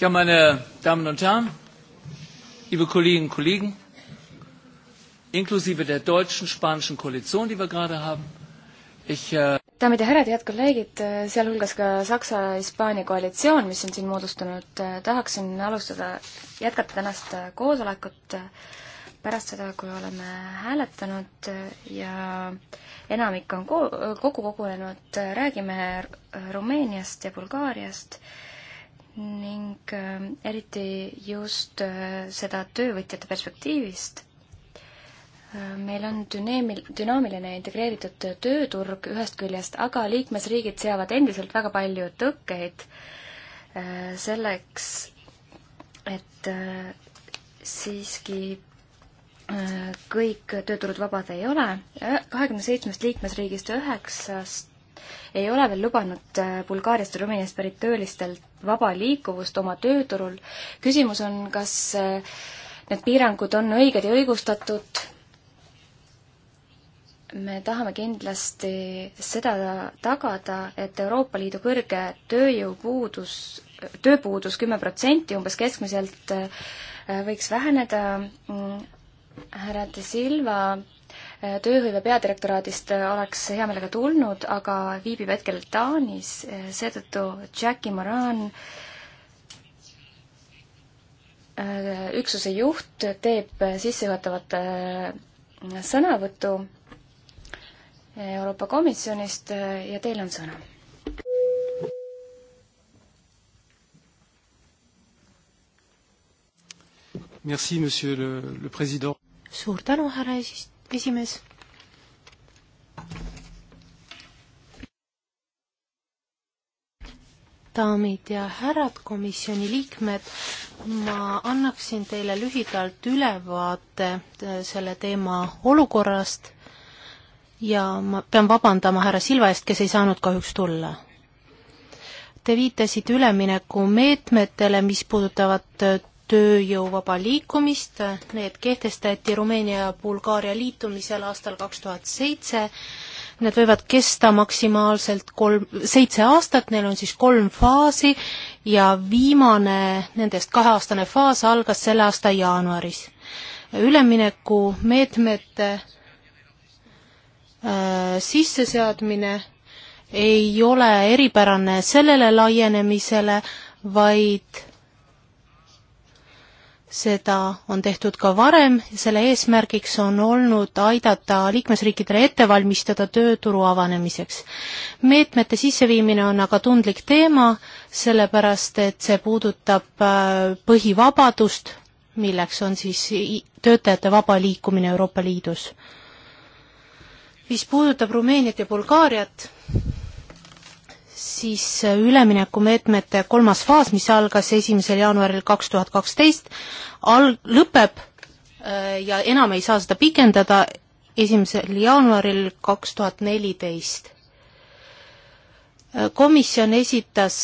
Ja, meine Damen und Herren, liebe Kolleginnen und Kollegen, inklusive der deutschen, spanischen Koalition, die wir gerade haben, ich äh daamid ja härrad, head kolleegid, äh, sealhulgas ka Saksa-Hispaania koalitsioon, mis on siin moodustunud, äh, tahaksin alustada, jätkata tänast äh, koosolekut pärast seda, kui oleme hääletanud ja enamik on ko-, kokku kogunenud, räägime Rumeeniast ja Bulgaariast ning ähm, eriti just äh, seda töövõtjate perspektiivist. Äh, meil on düneemil-, dünaamiline integreeritud tööturg ühest küljest, aga liikmesriigid seavad endiselt väga palju tõkkeid äh, selleks, et siiski kõik tööturud vabad ei ole. kahekümne seitsmest liikmesriigist üheksast ei ole veel lubanud äh, Bulgaariast ja Rumeeniast pärit töölistel vaba liikuvust oma tööturul. küsimus on, kas äh, need piirangud on õiged ja õigustatud, me tahame kindlasti seda tagada, et Euroopa Liidu kõrge tööjõupuudus, tööpuudus kümme protsenti umbes keskmiselt äh, võiks väheneda. Mm, härra De Silva tööhõive peadirektoraadist oleks hea meelega tulnud, aga viibib hetkel Taanis, seetõttu Jackie Moran, äh, üksuse juht, teeb sissejuhatavat äh, sõnavõtu Euroopa Komisjonist äh, ja teil on sõna Merci, Monsieur le, le Président. Suur tänu, härra esis-, esimees. daamid ja härrad, komisjoni liikmed, ma annaksin teile lühidalt ülevaate äh, selle teema olukorrast ja ma pean vabandama härra Silva eest, kes ei saanud kahjuks tulla. Te viitasite üleminekumeetmetele, mis puudutavad äh, tööjõu vaba liikumist, need kehtestati Rumeenia ja Bulgaaria liitumisel aastal kaks tuhat seitse, need võivad kesta maksimaalselt kolm, seitse aastat, neil on siis kolm faasi ja viimane nendest kaheaastane faas algas selle aasta jaanuaris. üleminekumeetmete äh, sisseseadmine ei ole eripärane sellele laienemisele, vaid seda on tehtud ka varem, selle eesmärgiks on olnud aidata liikmesriikidele ette valmistada tööturu avanemiseks. meetmete sisseviimine on aga tundlik teema, sellepärast et see puudutab äh, põhivabadust, milleks on siis töötajate vaba liikumine Euroopa Liidus. mis puudutab Rumeeniat ja Bulgaariat, siis äh, üleminekumeetmete kolmas faas, mis algas esimesel jaanuaril kaks tuhat kaksteist, al-, lõpeb äh, ja enam ei saa seda pikendada esimesel jaanuaril kaks tuhat neliteist. Äh, komisjon esitas,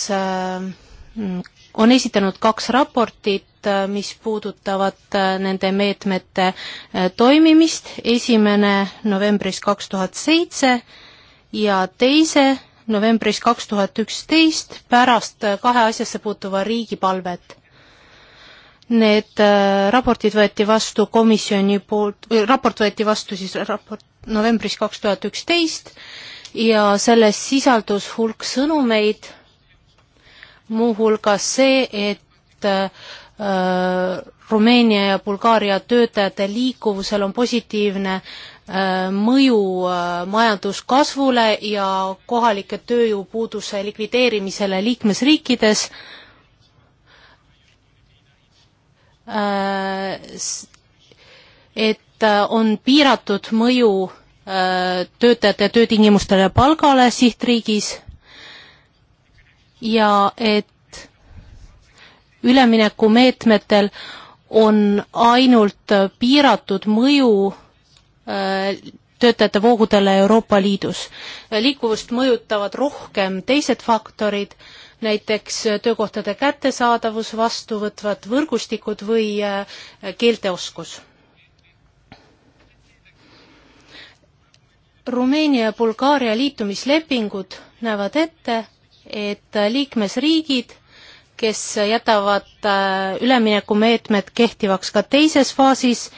on esitanud kaks raportit, mis puudutavad nende meetmete toimimist, esimene novembris kaks tuhat seitse ja teise novembris kaks tuhat üksteist pärast kahe asjasse puutuva riigi palvet. Need äh, raportid võeti vastu komisjoni poolt, äh, raport võeti vastu siis raport novembris kaks tuhat üksteist ja selles sisaldus hulk sõnumeid, muuhulgas see, et äh, Rumeenia ja Bulgaaria töötajate liikuvusel on positiivne äh, Äh, mõju äh, majanduskasvule ja kohalike tööjõupuuduse likvideerimisele liikmesriikides. Äh, et on piiratud mõju töötajate töötingimustele ja palgale sihtriigis ja et üleminekumeetmetel on ainult piiratud mõju töötajate voogudele Euroopa Liidus. liikuvust mõjutavad rohkem teised faktorid, näiteks töökohtade kättesaadavus, vastuvõtvad võrgustikud või äh, keelteoskus. Rumeenia ja Bulgaaria liitumislepingud näevad ette, et liikmesriigid, kes jätavad äh, üleminekumeetmed kehtivaks ka teises faasis,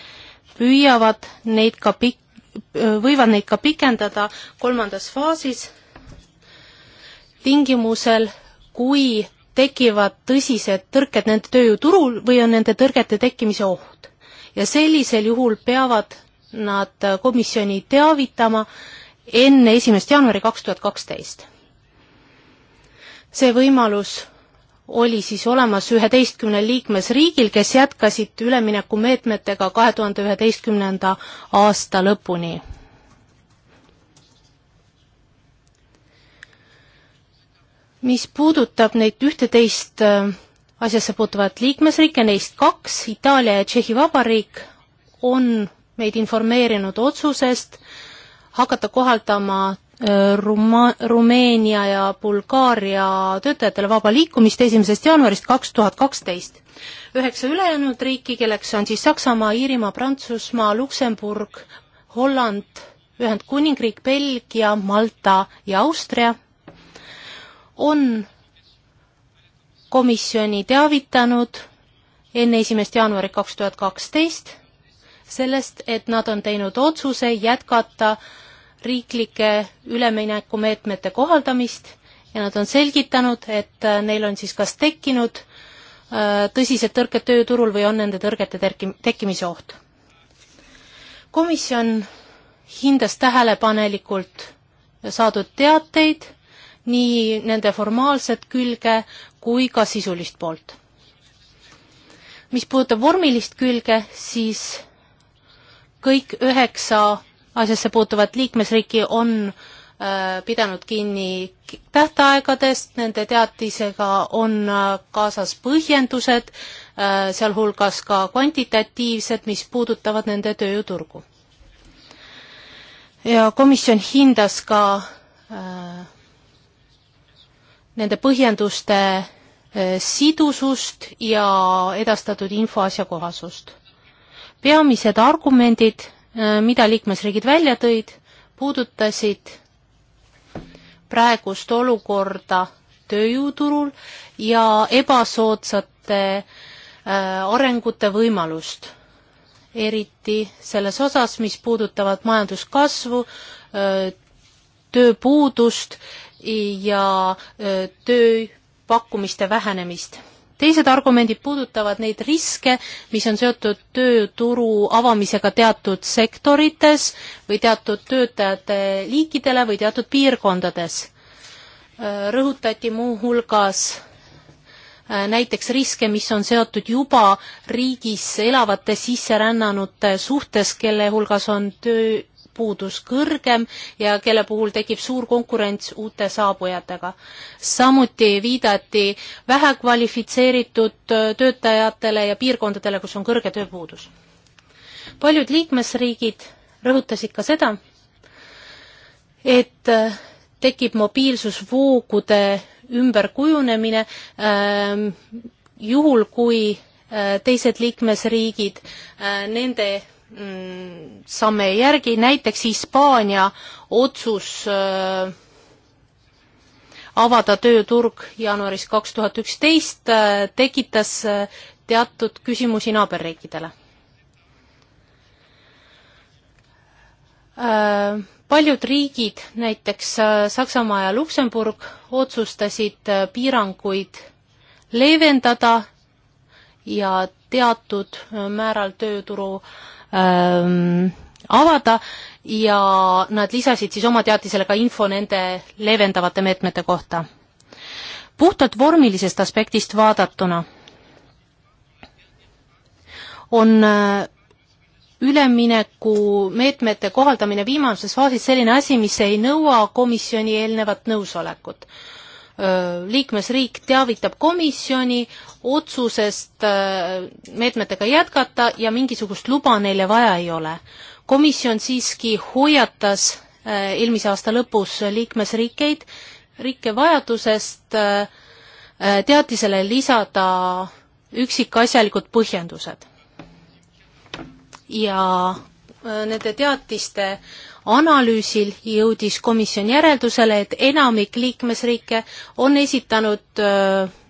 püüavad neid ka pik-, võivad neid ka pikendada kolmandas faasis tingimusel, kui tekivad tõsised tõrked nende tööjõuturul või on nende tõrgete tekkimise oht. ja sellisel juhul peavad nad komisjoni teavitama enne esimest jaanuari kaks tuhat kaksteist. see võimalus oli siis olemas üheteistkümnel liikmesriigil, kes jätkasid üleminekumeetmetega kahe tuhande üheteistkümnenda aasta lõpuni. mis puudutab neid ühteteist äh, asjasse puutuvat liikmesriike, neist kaks, Itaalia ja Tšehhi Vabariik, on meid informeerinud otsusest hakata kohaldama Äh, Ruma-, Rumeenia ja Bulgaaria töötajatele vaba liikumist esimesest jaanuarist kaks tuhat kaksteist. üheksa ülejäänud riiki, kelleks on siis Saksamaa, Iirimaa, Prantsusmaa, Luksemburg, Holland, Ühendkuningriik, Belgia, Malta ja Austria, on komisjoni teavitanud enne esimest jaanuari kaks tuhat kaksteist sellest, et nad on teinud otsuse jätkata äh, riiklike üleminekumeetmete kohaldamist ja nad on selgitanud, et äh, neil on siis kas tekkinud äh, tõsised tõrked tööturul või on nende tõrgete terki-, tekkimise oht. komisjon hindas tähelepanelikult saadud teateid, nii nende formaalset külge kui ka sisulist poolt. mis puudutab vormilist külge, siis kõik üheksa asjasse puutuvat liikmesriiki on äh, pidanud kinni tähtaegadest, nende teatisega on äh, kaasas põhjendused, äh, sealhulgas ka kvantitatiivsed, mis puudutavad nende tööjõuturgu. ja komisjon hindas ka nende põhjenduste sidusust ja edastatud info asjakohasust. peamised argumendid Äh, mida liikmesriigid välja tõid, puudutasid praegust olukorda tööjõuturul ja ebasoodsate äh, arengute võimalust, eriti selles osas, mis puudutavad majanduskasvu, äh, tööpuudust ja töö pakkumiste vähenemist teised argumendid puudutavad neid riske, mis on seotud tööturu avamisega teatud sektorites või teatud töötajate liikidele või teatud piirkondades. Äh, rõhutati muuhulgas äh, näiteks riske, mis on seotud juba riigis elavate sisserännanute suhtes, kelle hulgas on töö puudus kõrgem ja kelle puhul tekib suur konkurents uute saabujatega. samuti viidati vähekvalifitseeritud äh, töötajatele ja piirkondadele, kus on kõrge tööpuudus. paljud liikmesriigid rõhutasid ka seda, et äh, tekib mobiilsusvoogude ümberkujunemine ähm, juhul, kui äh, teised liikmesriigid nende Mm, samme ei järgi, näiteks Hispaania otsus äh, avada tööturg jaanuaris kaks tuhat üksteist äh, tekitas äh, teatud küsimusi naaberriikidele äh,. paljud riigid, näiteks äh, Saksamaa ja Luksemburg, otsustasid äh, piiranguid leevendada ja teatud määral tööturu äh, ähm, avada ja nad lisasid siis oma teatisele ka info nende leevendavate meetmete kohta. puhtalt vormilisest aspektist vaadatuna on äh, ülemineku meetmete kohaldamine viimases faasis selline asi, mis ei nõua komisjoni eelnevat nõusolekut liikmesriik teavitab komisjoni otsusest meetmetega jätkata ja mingisugust luba neile vaja ei ole. komisjon siiski hoiatas eelmise aasta lõpus liikmesriikeid, riike vajadusest teatisele lisada üksikasjalikud põhjendused. ja nende teatiste analüüsil jõudis komisjon järeldusele, et enamik liikmesriike on esitanud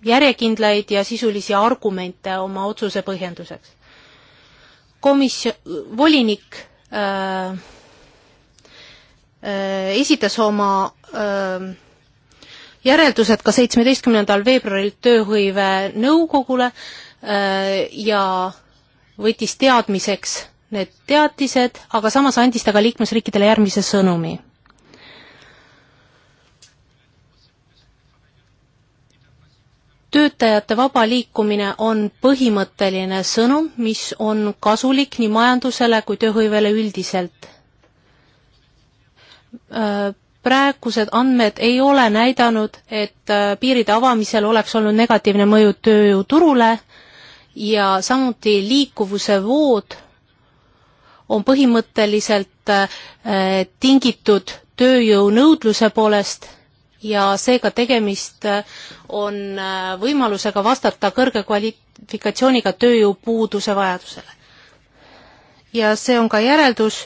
järjekindlaid ja sisulisi argumente oma otsuse põhjenduseks. komisjon, volinik äh, äh, esitas oma äh, järeldused ka seitsmeteistkümnendal veebruaril tööhõive nõukogule äh, ja võttis teadmiseks need teatised, aga samas andis ta ka liikmesriikidele järgmise sõnumi. töötajate vaba liikumine on põhimõtteline sõnum, mis on kasulik nii majandusele kui tööhõivele üldiselt. Äh, praegused andmed ei ole näidanud, et äh, piiride avamisel oleks olnud negatiivne mõju tööjõuturule ja samuti liikuvuse vood on põhimõtteliselt äh, tingitud tööjõu nõudluse poolest ja seega tegemist äh, on äh, võimalusega vastata kõrge kvalifikatsiooniga tööjõupuuduse vajadusele. ja see on ka järeldus,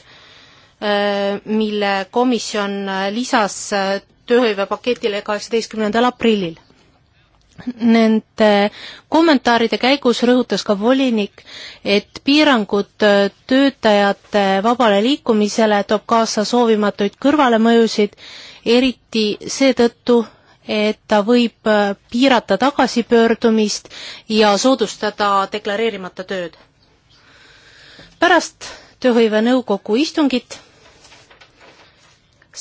mille komisjon lisas tööhõivepaketile kaheksateistkümnendal aprillil Nende kommentaaride käigus rõhutas ka volinik, et piirangud töötajate vabale liikumisele toob kaasa soovimatuid kõrvalemõjusid, eriti seetõttu, et ta võib piirata tagasipöördumist ja soodustada deklareerimata tööd. pärast tööhõivenõukogu istungit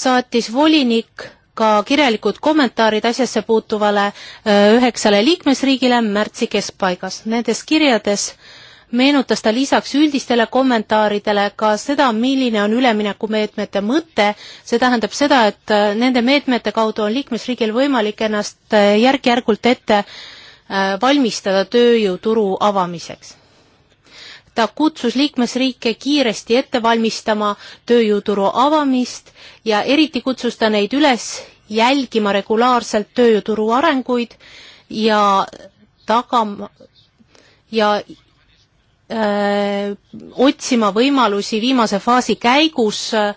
saatis volinik ka kirjalikud kommentaarid asjasse puutuvale äh, üheksale liikmesriigile märtsi keskpaigas. Nendes kirjades meenutas ta lisaks üldistele kommentaaridele ka seda, milline on üleminekumeetmete mõte, see tähendab seda, et äh, nende meetmete kaudu on liikmesriigil võimalik ennast äh, järk-järgult ette valmistada tööjõuturu avamiseks. ta kutsus liikmesriike kiiresti ette valmistama tööjõuturu avamist ja eriti kutsus ta neid üles jälgima regulaarselt tööjõuturu arenguid ja tagama ja öö, äh, otsima võimalusi viimase faasi käigus öö,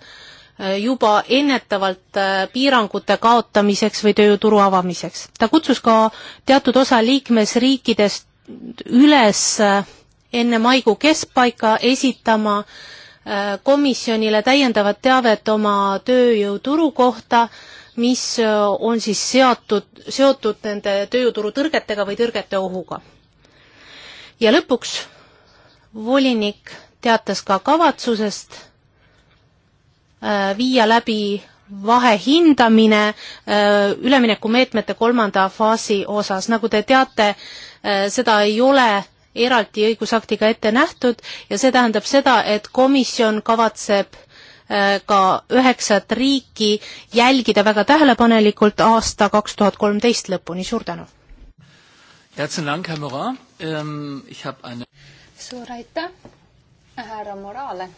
äh, juba ennetavalt äh, piirangute kaotamiseks või tööjõuturu avamiseks. ta kutsus ka teatud osa liikmesriikidest üles enne maikuu keskpaika esitama komisjonile täiendavat teavet oma tööjõuturu kohta mis äh, on siis seatud, seotud nende tööjõuturu tõrgetega või tõrgete ohuga. ja lõpuks volinik teatas ka kavatsusest äh, viia läbi vahehindamine äh, üleminekumeetmete kolmanda faasi osas. nagu te teate, seda ei ole eraldi õigusaktiga ette nähtud ja see tähendab seda, et komisjon kavatseb Äh, ka üheksat riiki jälgida väga tähelepanelikult aasta kaks tuhat kolmteist lõpuni, suur tänu! Ähm, suur aitäh, härra Morale!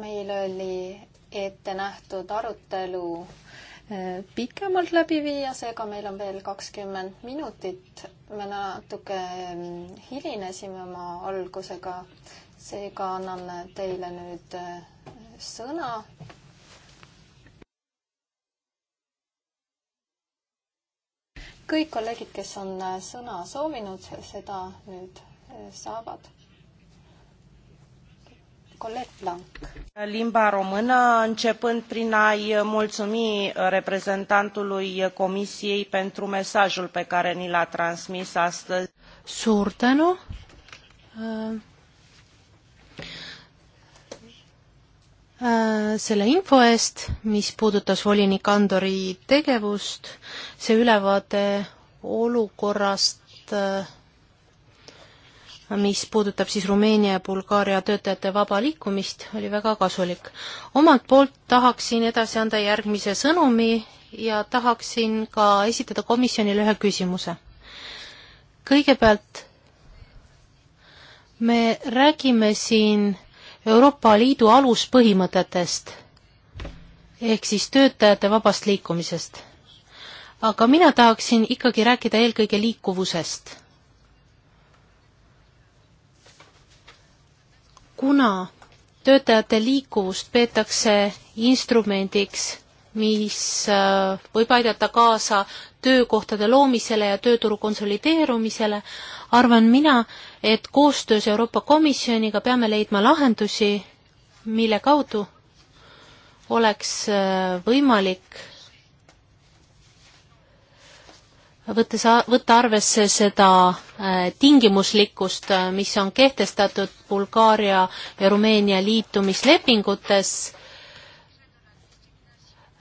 meil oli ette nähtud arutelu äh, pikemalt läbi viia, seega meil on veel kakskümmend minutit. me natuke ähm, hilinesime oma algusega, seega annan teile nüüd äh, sõna. kõik kolleegid, kes on äh, sõna soovinud, seda nüüd äh, saavad Colet Blanc. Limba română, începând prin a-i mulțumi uh, reprezentantului Comisiei pentru mesajul pe care ni l-a transmis astăzi. Suur tänu. Uh, Äh, selle info eest, mis puudutas volinik Andori tegevust, see ülevaade olukorrast, äh, mis puudutab siis Rumeenia ja Bulgaaria töötajate vaba liikumist, oli väga kasulik. omalt poolt tahaksin edasi anda järgmise sõnumi ja tahaksin ka esitada komisjonile ühe küsimuse. kõigepealt me räägime siin Euroopa Liidu aluspõhimõtetest ehk siis töötajate vabast liikumisest. aga mina tahaksin ikkagi rääkida eelkõige liikuvusest. kuna töötajate liikuvust peetakse instrumendiks mis äh, võib aidata kaasa töökohtade loomisele ja tööturu konsolideerumisele, arvan mina, et koostöös Euroopa Komisjoniga peame leidma lahendusi, mille kaudu oleks äh, võimalik võttes, võtta arvesse seda äh, tingimuslikkust, mis on kehtestatud Bulgaaria ja Rumeenia liitumislepingutes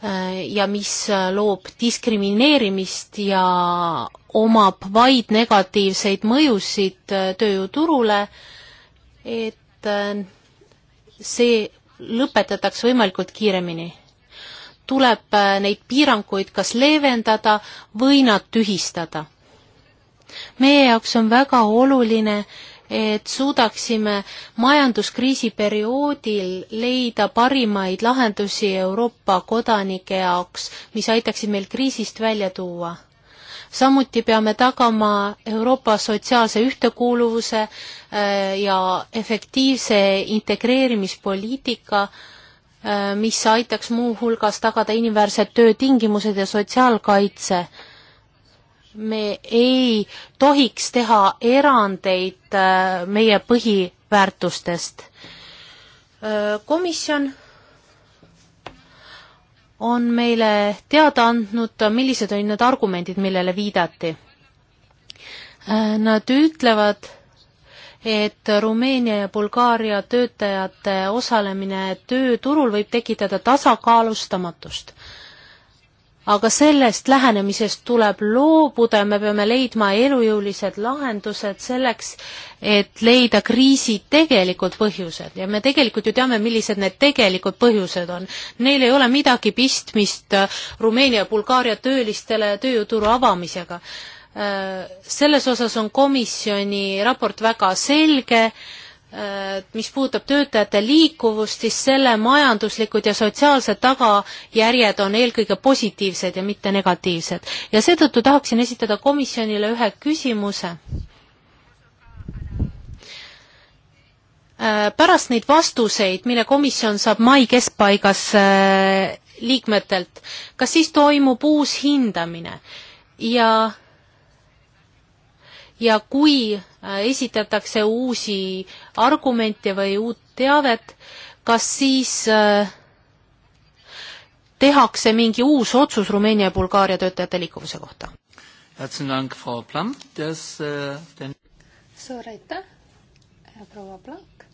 Äh, ja mis äh, loob diskrimineerimist ja omab vaid negatiivseid mõjusid äh, tööjõuturule, et see lõpetatakse võimalikult kiiremini. tuleb neid piiranguid kas leevendada või nad tühistada. meie jaoks on väga oluline, et suudaksime majanduskriisi perioodil leida parimaid lahendusi Euroopa kodanike jaoks, mis aitaksid meil kriisist välja tuua. samuti peame tagama Euroopa sotsiaalse ühtekuuluvuse äh, ja efektiivse integreerimispoliitika, äh, mis aitaks muuhulgas tagada inimväärsed töötingimused ja sotsiaalkaitse me ei tohiks teha erandeid äh, meie põhiväärtustest. Äh, komisjon on meile teada andnud, millised olid need argumendid, millele viidati. Äh, nad ütlevad, et Rumeenia ja Bulgaaria töötajate osalemine tööturul võib tekitada tasakaalustamatust aga sellest lähenemisest tuleb loobuda ja me peame leidma elujõulised lahendused selleks, et leida kriisi tegelikud põhjused ja me tegelikult ju teame, millised need tegelikud põhjused on. Neil ei ole midagi pistmist äh, Rumeenia ja Bulgaaria töölistele tööjõuturu avamisega. Äh, selles osas on komisjoni raport väga selge Äh, mis puudutab töötajate liikuvust, siis selle majanduslikud ja sotsiaalsed tagajärjed on eelkõige positiivsed ja mitte negatiivsed. ja seetõttu tahaksin esitada komisjonile ühe küsimuse. Äh, pärast neid vastuseid, mille komisjon saab mai keskpaigas äh, liikmetelt, kas siis toimub uus hindamine ja ja kui äh, esitatakse uusi argumente või uut teavet, kas siis äh, tehakse mingi uus otsus Rumeenia ja Bulgaaria töötajate liikuvuse kohta? Äh, suur aitäh, proua Plank.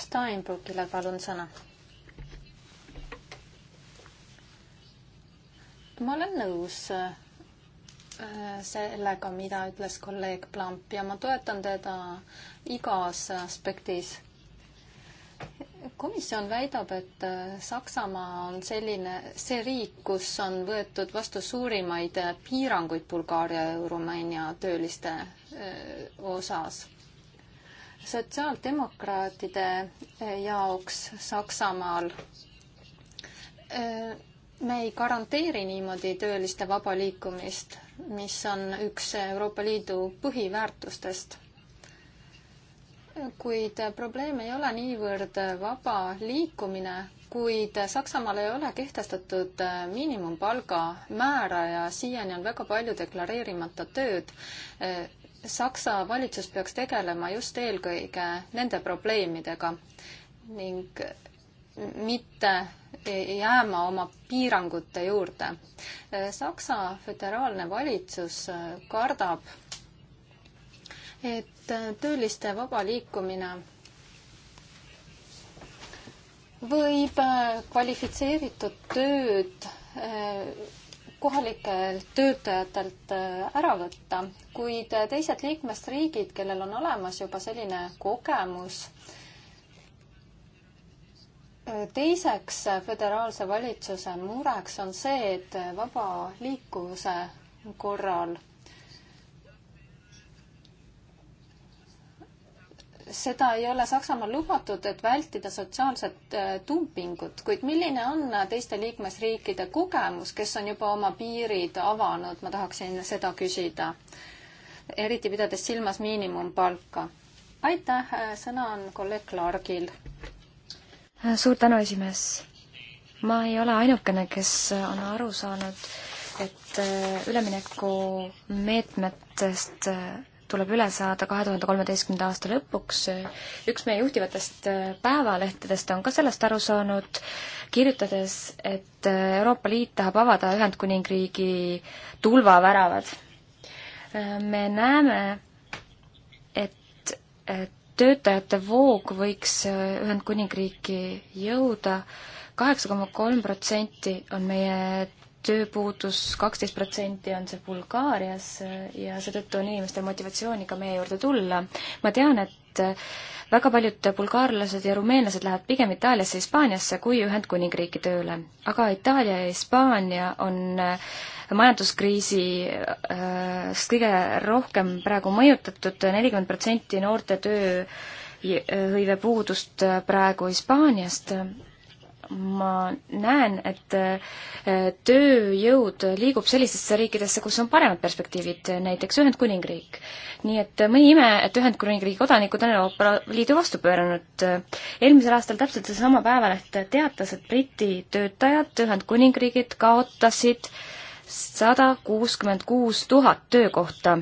Steinbrückile palun sõna ma olen nõus Äh, sellega, mida ütles kolleeg Plamp ja ma toetan teda igas aspektis. komisjon väidab, et äh, Saksamaa on selline, see riik, kus on võetud vastu suurimaid äh, piiranguid Bulgaaria ja Rumeenia tööliste osas sotsiaaldemokraatide jaoks Saksamaal me ei garanteeri niimoodi tööliste vaba liikumist mis on üks Euroopa Liidu põhiväärtustest. kuid probleem ei ole niivõrd vaba liikumine, kuid Saksamaal ei ole kehtestatud miinimumpalga määra ja siiani on väga palju deklareerimata tööd. Saksa valitsus peaks tegelema just eelkõige nende probleemidega ning mitte jääma oma piirangute juurde. Saksa föderaalne valitsus kardab, et tööliste vaba liikumine võib kvalifitseeritud tööd eh, kohalikelt töötajatelt eh, ära võtta, kuid teised liikmesriigid, kellel on olemas juba selline kogemus, teiseks föderaalse valitsuse mureks on see, et vaba liikuvuse korral seda ei ole Saksamaal lubatud, et vältida sotsiaalset äh, dumpingut, kuid milline on teiste liikmesriikide kogemus, kes on juba oma piirid avanud, ma tahaksin seda küsida. eriti pidades silmas miinimumpalka. aitäh, äh, sõna on kolleeg Clargil suur tänu, esimees. ma ei ole ainukene, kes on aru saanud, et äh, üleminekumeetmetest äh, tuleb üle saada kahe tuhande kolmeteistkümnenda aasta lõpuks. üks meie juhtivatest äh, päevalehtedest on ka sellest aru saanud, kirjutades, et Euroopa Liit tahab avada Ühendkuningriigi tulvaväravad. me näeme, et, et töötajate voog võiks äh, Ühendkuningriiki jõuda. kaheksa koma kolm protsenti on meie tööpuudus, kaksteist protsenti on see Bulgaarias äh, ja seetõttu on inimestel motivatsiooni ka meie juurde tulla. ma tean, et et väga paljud bulgaarlased ja rumeenlased lähevad pigem Itaaliasse, Hispaaniasse kui Ühendkuningriiki tööle. aga Itaalia ja Hispaania on äh, majanduskriisist äh, kõige rohkem praegu mõjutatud, nelikümmend protsenti noorte tööhõive puudust äh, praegu Hispaaniast ma näen, et tööjõud liigub sellistesse riikidesse, kus on paremad perspektiivid, näiteks Ühendkuningriik. nii et mõni ime, et Ühendkuningriigi kodanikud on Euroopa Liidu vastu pööranud. eelmisel aastal täpselt seesama Päevaleht teatas, et Briti töötajad Ühendkuningriigid kaotasid sada kuuskümmend kuus tuhat töökohta.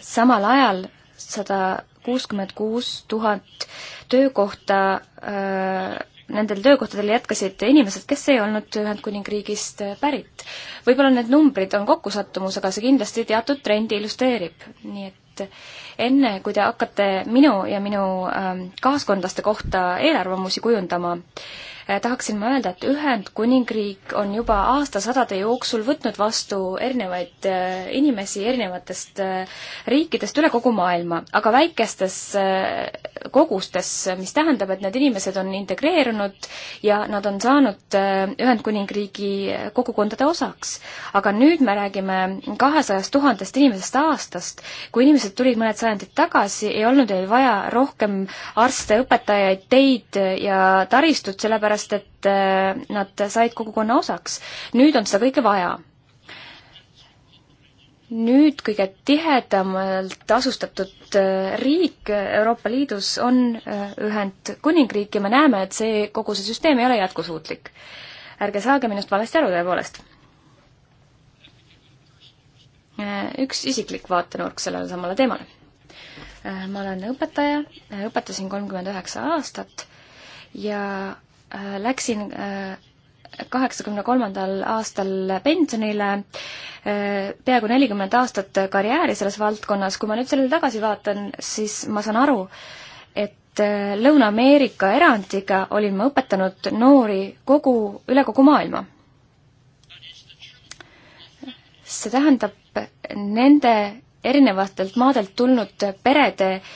samal ajal sada kuuskümmend kuus tuhat töökohta äh, nendel töökohtadel jätkasid inimesed, kes ei olnud Ühendkuningriigist pärit. võib-olla need numbrid on kokkusattumus, aga see kindlasti teatud trendi illustreerib, nii et enne, kui te hakkate minu ja minu ähm, kaaskondlaste kohta eelarvamusi kujundama, Äh, tahaksin ma öelda, et Ühendkuningriik on juba aastasadade jooksul võtnud vastu erinevaid äh, inimesi erinevatest äh, riikidest üle kogu maailma, aga väikestes kogustes, mis tähendab, et need inimesed on integreerunud ja nad on saanud Ühendkuningriigi kogukondade osaks. aga nüüd me räägime kahesajast tuhandest inimesest aastast. kui inimesed tulid mõned sajandid tagasi, ei olnud neil vaja rohkem arste, õpetajaid, teid ja taristut, sellepärast sellepärast, et äh, nad said kogukonna osaks. nüüd on seda kõike vaja. nüüd kõige tihedamalt asustatud äh, riik Euroopa Liidus on äh, Ühendkuningriik ja me näeme, et see, kogu see süsteem ei ole jätkusuutlik. ärge saage minust valesti aru tõepoolest. üks isiklik vaatenurk sellele samale teemale ma olen õpetaja, õpetasin kolmkümmend üheksa aastat ja Äh, läksin äh, kaheksakümne kolmandal aastal pensionile, äh, peaaegu nelikümmend aastat karjääri selles valdkonnas, kui ma nüüd sellele tagasi vaatan, siis ma saan aru, et Lõuna-Ameerika erandiga olin ma õpetanud noori kogu, üle kogu maailma. see tähendab nende erinevatelt maadelt tulnud perede äh,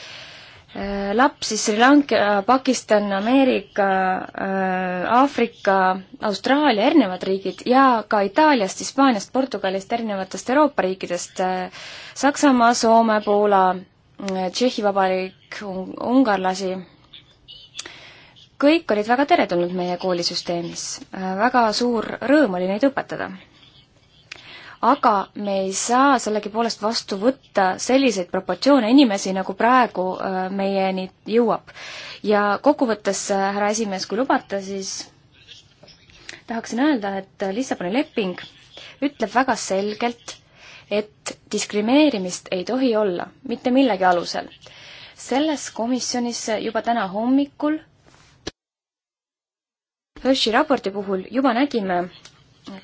Äh, lapsi Sri Lanka, Pakistan, Ameerika, äh, Aafrika, Austraalia erinevad riigid ja ka Itaaliast, Hispaaniast, Portugalist, erinevatest Euroopa riikidest, äh, Saksamaa, Soome, Poola, Tšehhi Vabariik, ungarlasi, kõik olid väga teretulnud meie koolisüsteemis. väga suur rõõm oli neid õpetada aga me ei saa sellegipoolest vastu võtta selliseid proportsioone inimesi, nagu praegu äh, meieni jõuab. ja kokkuvõttes, äh, härra esimees, kui lubate, siis tahaksin öelda, et Lissaboni leping ütleb väga selgelt, et diskrimineerimist ei tohi olla mitte millegi alusel. selles komisjonis juba täna hommikul Hershey raporti puhul juba nägime,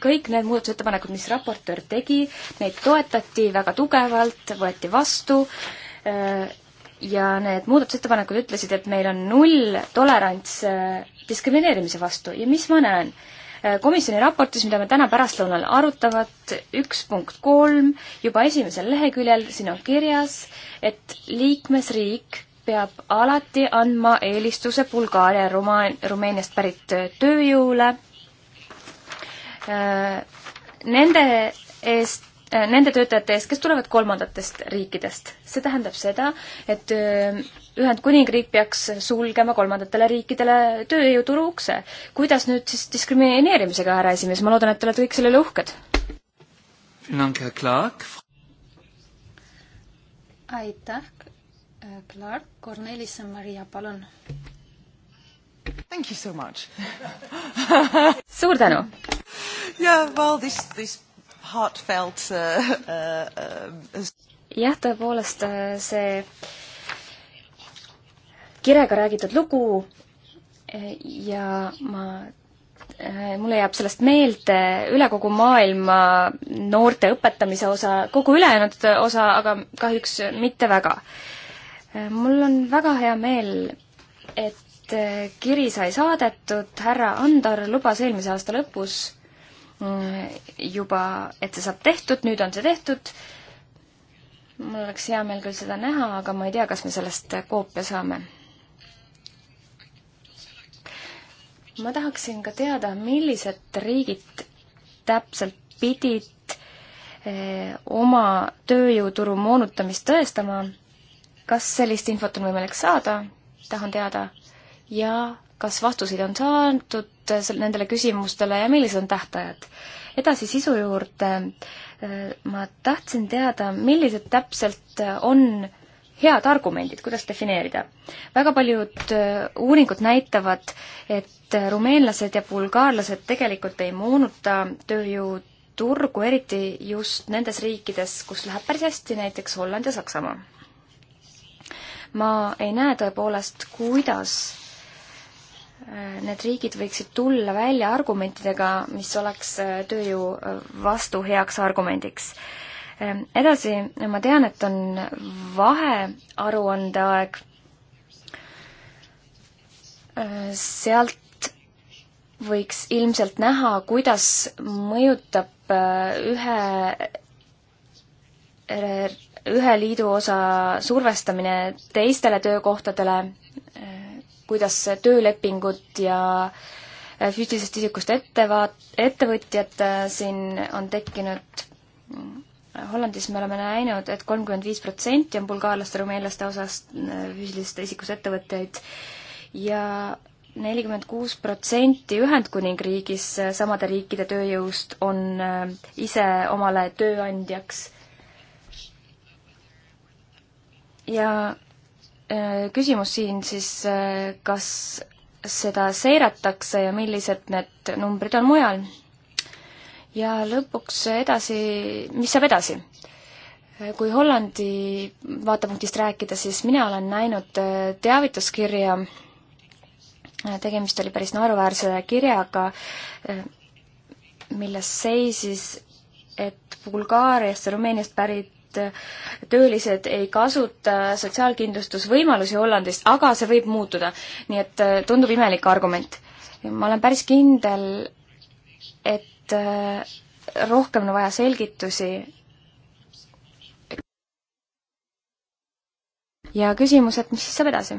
kõik need muudatusettepanekud, mis raportöör tegi, neid toetati väga tugevalt, võeti vastu äh, ja need muudatusettepanekud ütlesid, et meil on null tolerants äh, diskrimineerimise vastu ja mis ma näen? Äh, komisjoni raportis, mida me täna pärastlõunal arutavad, üks punkt kolm, juba esimesel leheküljel siin on kirjas, et liikmesriik peab alati andma eelistuse Bulgaaria ja Ruma-, Rumeeniast pärit tööjõule Äh, nende eest, äh, nende töötajate eest, kes tulevad kolmandatest riikidest. see tähendab seda, et äh, Ühendkuningriik peaks sulgema kolmandatele riikidele tööjõuturu ukse. kuidas nüüd siis diskrimineerimisega, härra esimees, ma loodan, et te olete kõik selle üle uhked. aitäh, Clark, Cornelis ja Maria, palun. Thank you so much suur tänu! yeah, well, this, this heartfelt uh, uh, jah, tõepoolest see kirega räägitud lugu ja ma, mulle jääb sellest meelde üle kogu maailma noorte õpetamise osa, kogu ülejäänud osa, aga kahjuks mitte väga. mul on väga hea meel, et kiri sai saadetud, härra Andor lubas eelmise aasta lõpus juba, et see saab tehtud, nüüd on see tehtud. mul oleks hea meel küll seda näha, aga ma ei tea, kas me sellest koopia saame. ma tahaksin ka teada, millised riigid täpselt pidid eh, oma tööjõuturu moonutamist tõestama. kas sellist infot on võimalik saada? tahan teada ja kas vastuseid on saadud nendele küsimustele ja millised on tähtajad? edasi sisu juurde. ma tahtsin teada, millised täpselt on head argumendid, kuidas defineerida. väga paljud äh, uuringud näitavad, et rumeenlased ja bulgaarlased tegelikult ei moonuta tööjõuturgu, eriti just nendes riikides, kus läheb päris hästi, näiteks Holland ja Saksamaa. ma ei näe tõepoolest, kuidas Äh, need riigid võiksid tulla välja argumentidega, mis oleks äh, tööjõu äh, vastu heaks argumendiks. Ähm, edasi, ma tean, et on vahearuande aeg. sealt võiks ilmselt näha, kuidas mõjutab ühe ühe liidu osa survestamine teistele töökohtadele kuidas töölepingut ja äh, füüsilisest isikust ettevaat-, ettevõtjad äh, siin on tekkinud. Mm, Hollandis me oleme näinud et, et kolmkümmend viis protsenti on bulgaarlaste, rumeenlaste osast äh, füüsiliste isikust ettevõtjaid ja nelikümmend kuus protsenti Ühendkuningriigis samade riikide tööjõust on ise omale tööandjaks. ja Äh, küsimus siin siis, äh, kas seda seiratakse ja millised need numbrid on mujal. ja lõpuks edasi, mis saab edasi? Äh, kui Hollandi vaatepunktist rääkida, siis mina olen näinud teavituskirja, tegemist oli päris naeruväärse kirjaga, milles seisis, et Bulgaariast ja Rumeeniast pärit et töölised ei kasuta sotsiaalkindlustusvõimalusi Hollandis, aga see võib muutuda. nii et äh, tundub imelik argument. ma olen päris kindel, et äh, rohkem on vaja selgitusi ja küsimus, et mis siis saab edasi?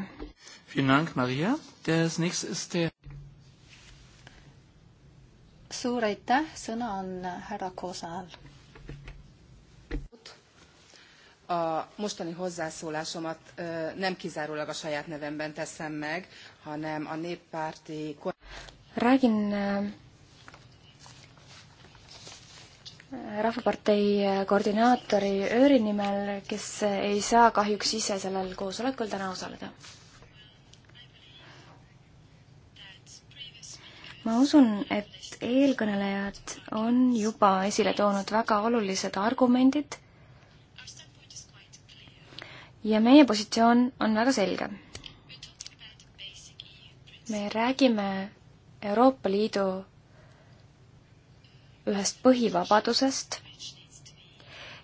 suur aitäh, sõna on härra Kosal a mostani hozzászólásomat nem kizárólag a saját nevemben teszem meg, hanem a néppárti... Räägin Rahvapartei koordinaatori Ööri nimel, kes ei saa kahjuks ise sellel koosolekul täna osaleda. ma usun, et eelkõnelejad on juba esile toonud väga olulised argumendid ja meie positsioon on väga selge. me räägime Euroopa Liidu ühest põhivabadusest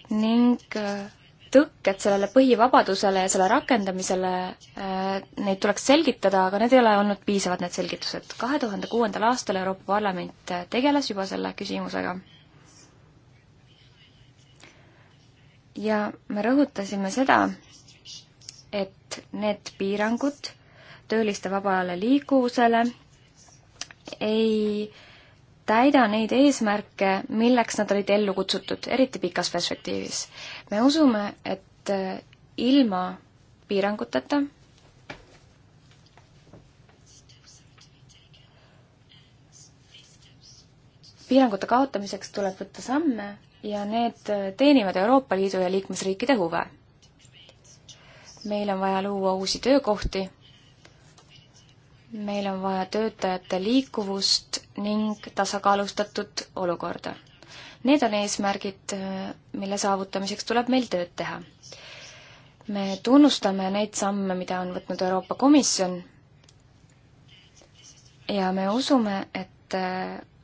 ning äh, tõkked sellele põhivabadusele ja selle rakendamisele, äh, neid tuleks selgitada, aga need ei ole olnud piisavad, need selgitused. kahe tuhande kuuendal aastal Euroopa Parlament äh, tegeles juba selle küsimusega. ja me rõhutasime seda, et need piirangud tööliste vabale liikuvusele ei täida neid eesmärke, milleks nad olid ellu kutsutud, eriti pikas perspektiivis. me usume, et äh, ilma piiranguteta piirangute kaotamiseks tuleb võtta samme ja need äh, teenivad Euroopa Liidu ja liikmesriikide huve meil on vaja luua uusi töökohti, meil on vaja töötajate liikuvust ning tasakaalustatud olukorda. Need on eesmärgid, mille saavutamiseks tuleb meil tööd teha. me tunnustame neid samme, mida on võtnud Euroopa Komisjon ja me usume, et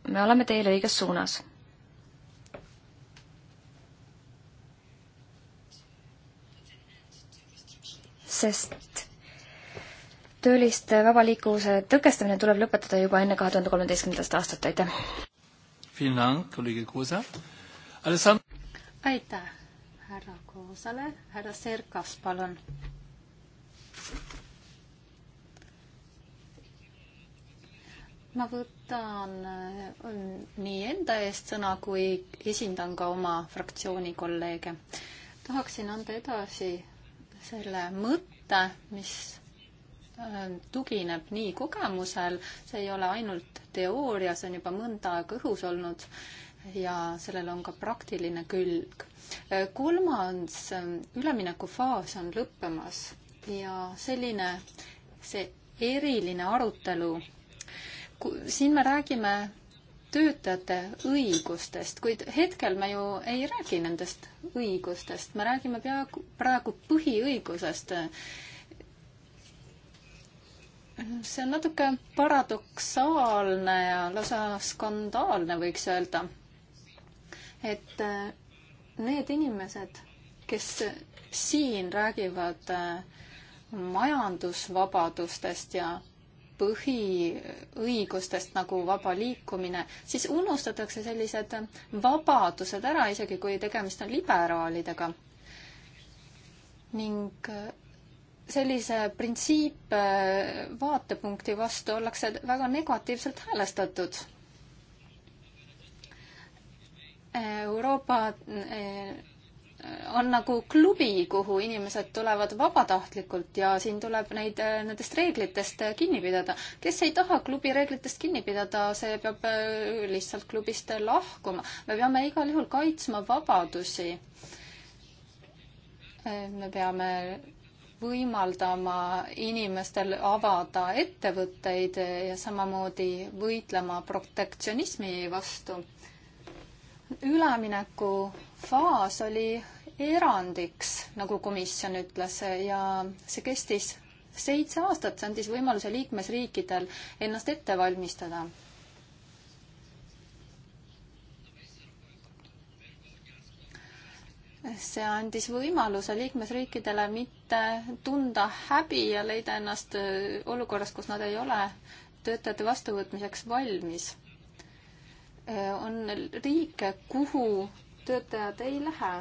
me oleme teel õiges suunas sest tööliste vaba liikuvuse tõkestamine tuleb lõpetada juba enne kahe tuhande kolmeteistkümnendast aastat, aitäh! aitäh härra Koosale, härra Serkas, palun! ma võtan äh, nii enda eest sõna kui esindan ka oma fraktsiooni kolleege. tahaksin anda edasi selle mõtte, mis äh, tugineb nii kogemusel, see ei ole ainult teooria, see on juba mõnda aega õhus olnud ja sellel on ka praktiline külg. Äh, kolmas äh, üleminekufaas on lõppemas ja selline see eriline arutelu, siin me räägime töötajate õigustest, kuid hetkel me ju ei räägi nendest õigustest, me räägime peaaegu praegu põhiõigusest. see on natuke paradoksaalne ja lausa skandaalne, võiks öelda. et äh, need inimesed, kes siin räägivad äh, majandusvabadustest ja põhiõigustest nagu vaba liikumine, siis unustatakse sellised vabadused ära, isegi kui tegemist on liberaalidega. ning äh, sellise printsiip äh, vaatepunkti vastu ollakse väga negatiivselt häälestatud. Äh, Euroopa on nagu klubi, kuhu inimesed tulevad vabatahtlikult ja siin tuleb neid, äh, nendest reeglitest äh, kinni pidada. kes ei taha klubi reeglitest kinni pidada, see peab äh, lihtsalt klubist lahkuma. me peame igal juhul kaitsma vabadusi. me peame võimaldama inimestel avada ettevõtteid ja samamoodi võitlema protektsionismi vastu. ülemineku faas oli erandiks, nagu komisjon ütles, ja see kestis seitse aastat, see andis võimaluse liikmesriikidel ennast ette valmistada. see andis võimaluse liikmesriikidele mitte tunda häbi ja leida ennast olukorras, kus nad ei ole töötajate vastuvõtmiseks valmis. on riike, kuhu töötajad ei lähe.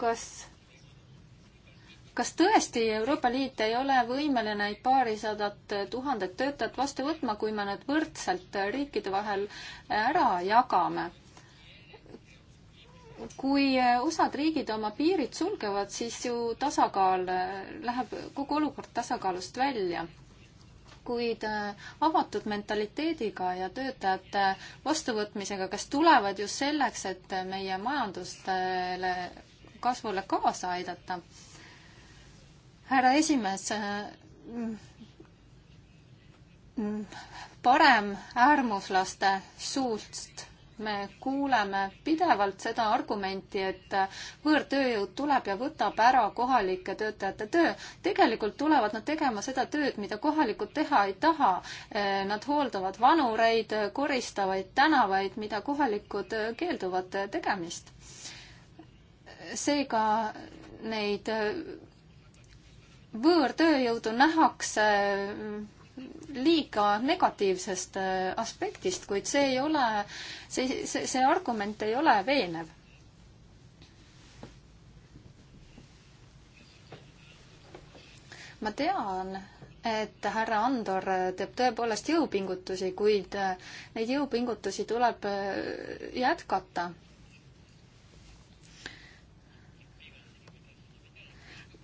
kas, kas tõesti Euroopa Liit ei ole võimeline paarisadat tuhandet töötajat vastu võtma, kui me need võrdselt riikide vahel ära jagame? kui osad riigid oma piirid sulgevad, siis ju tasakaal läheb, kogu olukord tasakaalust välja kuid äh, avatud mentaliteediga ja töötajate vastuvõtmisega, kes tulevad just selleks, et meie majandustele kasvule kaasa aidata. härra esimees, äh, mm, mm, parem äärmuslaste suust me kuuleme pidevalt seda argumenti, et võõrtööjõud tuleb ja võtab ära kohalike töötajate töö. tegelikult tulevad nad tegema seda tööd, mida kohalikud teha ei taha. Nad hooldavad vanureid, koristavaid tänavaid, mida kohalikud keelduvad tegemist. seega neid võõrtööjõudu nähakse liiga negatiivsest äh, aspektist, kuid see ei ole, see, see, see argument ei ole veenev. ma tean, et härra Andor teeb tõepoolest jõupingutusi, kuid äh, neid jõupingutusi tuleb äh, jätkata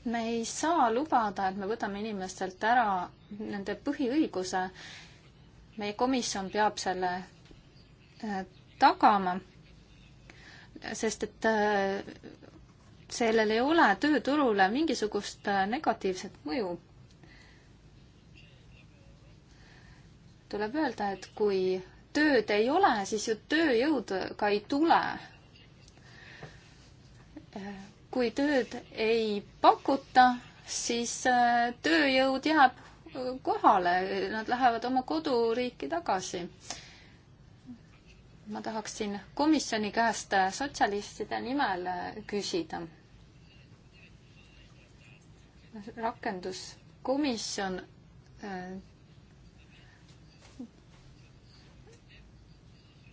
me ei saa lubada, et me võtame inimestelt ära nende põhiõiguse. meie komisjon peab selle äh, tagama, sest et äh, sellel ei ole tööturule mingisugust äh, negatiivset mõju. tuleb öelda, et kui tööd ei ole, siis ju tööjõud ka ei tule kui tööd ei pakuta, siis äh, tööjõud jääb äh, kohale, nad lähevad oma koduriiki tagasi. ma tahaksin komisjoni käest sotsialistide nimel äh, küsida. rakenduskomisjon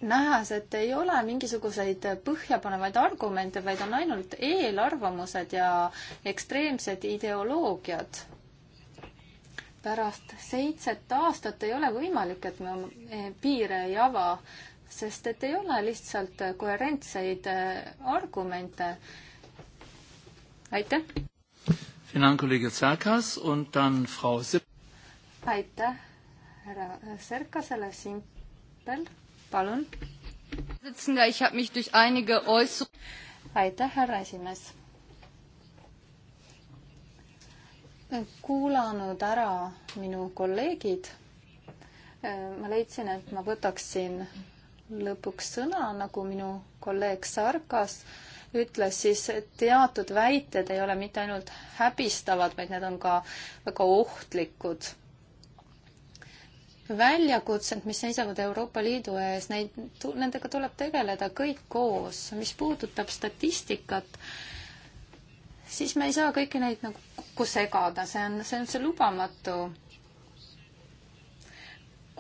nähes, et ei ole mingisuguseid põhjapanevaid argumente, vaid on ainult eelarvamused ja ekstreemsed ideoloogiad. pärast seitset aastat ei ole võimalik, et me piire ei ava, sest et ei ole lihtsalt koherentseid äh, argumente. aitäh! aitäh härra Serkasele, Simpel palun. aitäh, härra esimees. kuulanud ära minu kolleegid, ma leidsin, et ma võtaksin lõpuks sõna, nagu minu kolleeg Sarkas ütles, siis teatud väited ei ole mitte ainult häbistavad, vaid need on ka väga ohtlikud väljakutsed, mis seisavad Euroopa Liidu ees, neid, nendega tuleb tegeleda kõik koos. mis puudutab statistikat, siis me ei saa kõiki neid nagu kokku segada, see on, see on see lubamatu.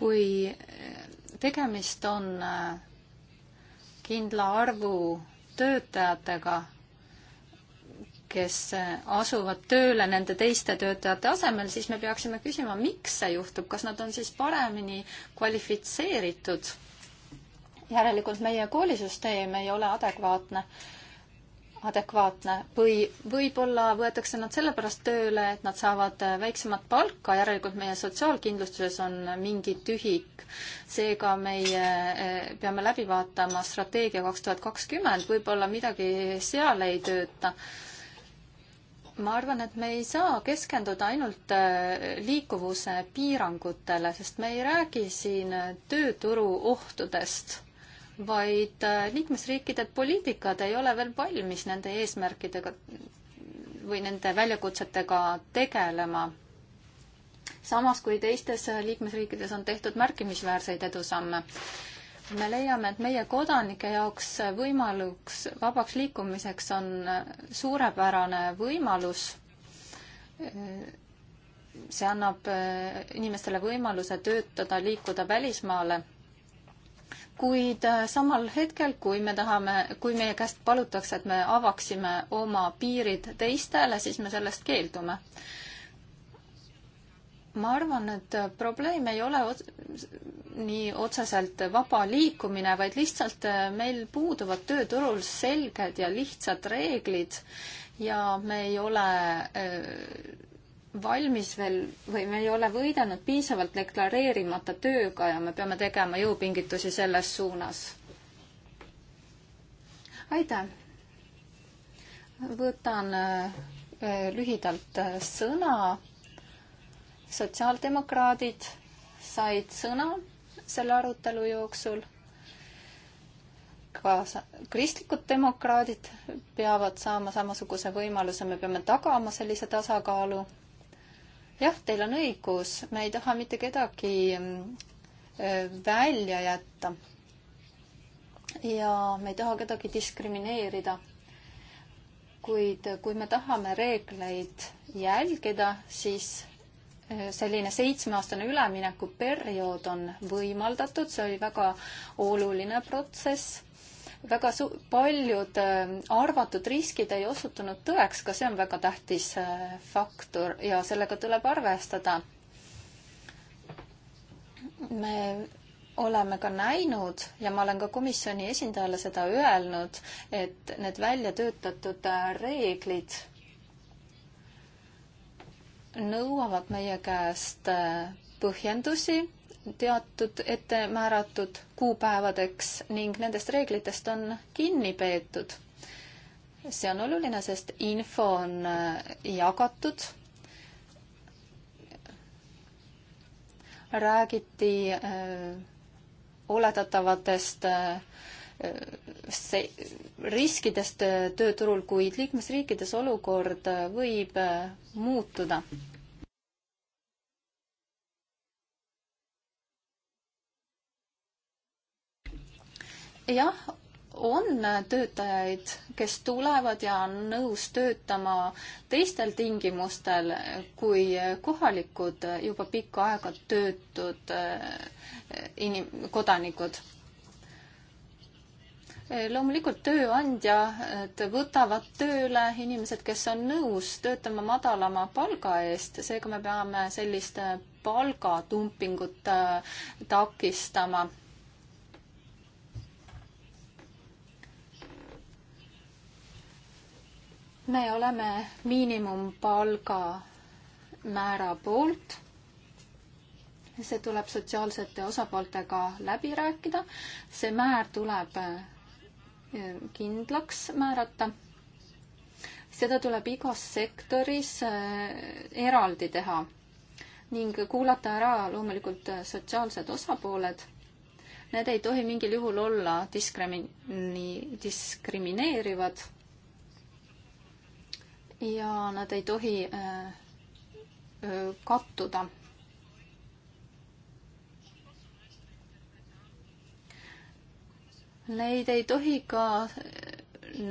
kui eh, tegemist on eh, kindla arvu töötajatega, kes asuvad tööle nende teiste töötajate asemel, siis me peaksime küsima, miks see juhtub, kas nad on siis paremini kvalifitseeritud. järelikult meie koolisüsteem ei ole adekvaatne, adekvaatne või võib-olla võetakse nad sellepärast tööle, et nad saavad väiksemat palka, järelikult meie sotsiaalkindlustuses on mingi tühik. seega meie eh, peame läbi vaatama strateegia kaks tuhat kakskümmend, võib-olla midagi seal ei tööta ma arvan, et me ei saa keskenduda ainult äh, liikuvuse piirangutele, sest me ei räägi siin tööturu ohtudest, vaid äh, liikmesriikide poliitikad ei ole veel valmis nende eesmärkidega või nende väljakutsetega tegelema. samas kui teistes äh, liikmesriikides on tehtud märkimisväärseid edusamme me leiame, et meie kodanike jaoks võimaluks vabaks liikumiseks on äh, suurepärane võimalus äh, see annab äh, inimestele võimaluse töötada, liikuda välismaale. kuid samal hetkel, kui me tahame, kui meie käest palutakse, et me avaksime oma piirid teistele, siis me sellest keeldume ma arvan, et probleem ei ole ot nii otseselt vaba liikumine, vaid lihtsalt äh, meil puuduvad tööturul selged ja lihtsad reeglid ja me ei ole äh, valmis veel või me ei ole võidelnud piisavalt deklareerimata tööga ja me peame tegema jõupingutusi selles suunas. aitäh! võtan äh, lühidalt sõna sotsiaaldemokraadid said sõna selle arutelu jooksul. ka kristlikud demokraadid peavad saama samasuguse võimaluse, me peame tagama sellise tasakaalu. jah, teil on õigus, me ei taha mitte kedagi mm, välja jätta. ja me ei taha kedagi diskrimineerida kuid kui me tahame reegleid jälgida, siis selline seitsmeaastane üleminekuperiood on võimaldatud, see oli väga oluline protsess. väga su-, paljud äh, arvatud riskid ei osutunud tõeks, ka see on väga tähtis äh, faktor ja sellega tuleb arvestada. me oleme ka näinud ja ma olen ka komisjoni esindajale seda öelnud, et need välja töötatud äh, reeglid nõuavad meie käest äh, põhjendusi teatud ettemääratud kuupäevadeks ning nendest reeglitest on kinni peetud. see on oluline, sest info on äh, jagatud. räägiti äh, oletatavatest äh, Äh, riskidest äh, tööturul, kuid liikmesriikides olukord äh, võib muutuda. jah, on töötajaid, kes tulevad ja on nõus töötama teistel tingimustel kui kohalikud juba pikka aega töötud inim-, kodanikud loomulikult tööandjad võtavad tööle inimesed, kes on nõus töötama madalama palga eest, seega me peame sellist palgatumpingut äh, takistama. me oleme miinimumpalga määra poolt see tuleb sotsiaalsete osapooltega läbi rääkida. see määr tuleb kindlaks määrata. seda tuleb igas sektoris äh, eraldi teha ning kuulata ära loomulikult äh, sotsiaalsed osapooled. Need ei tohi mingil juhul olla diskrimi-, diskrimineerivad ja nad ei tohi äh, kattuda Neid ei tohi ka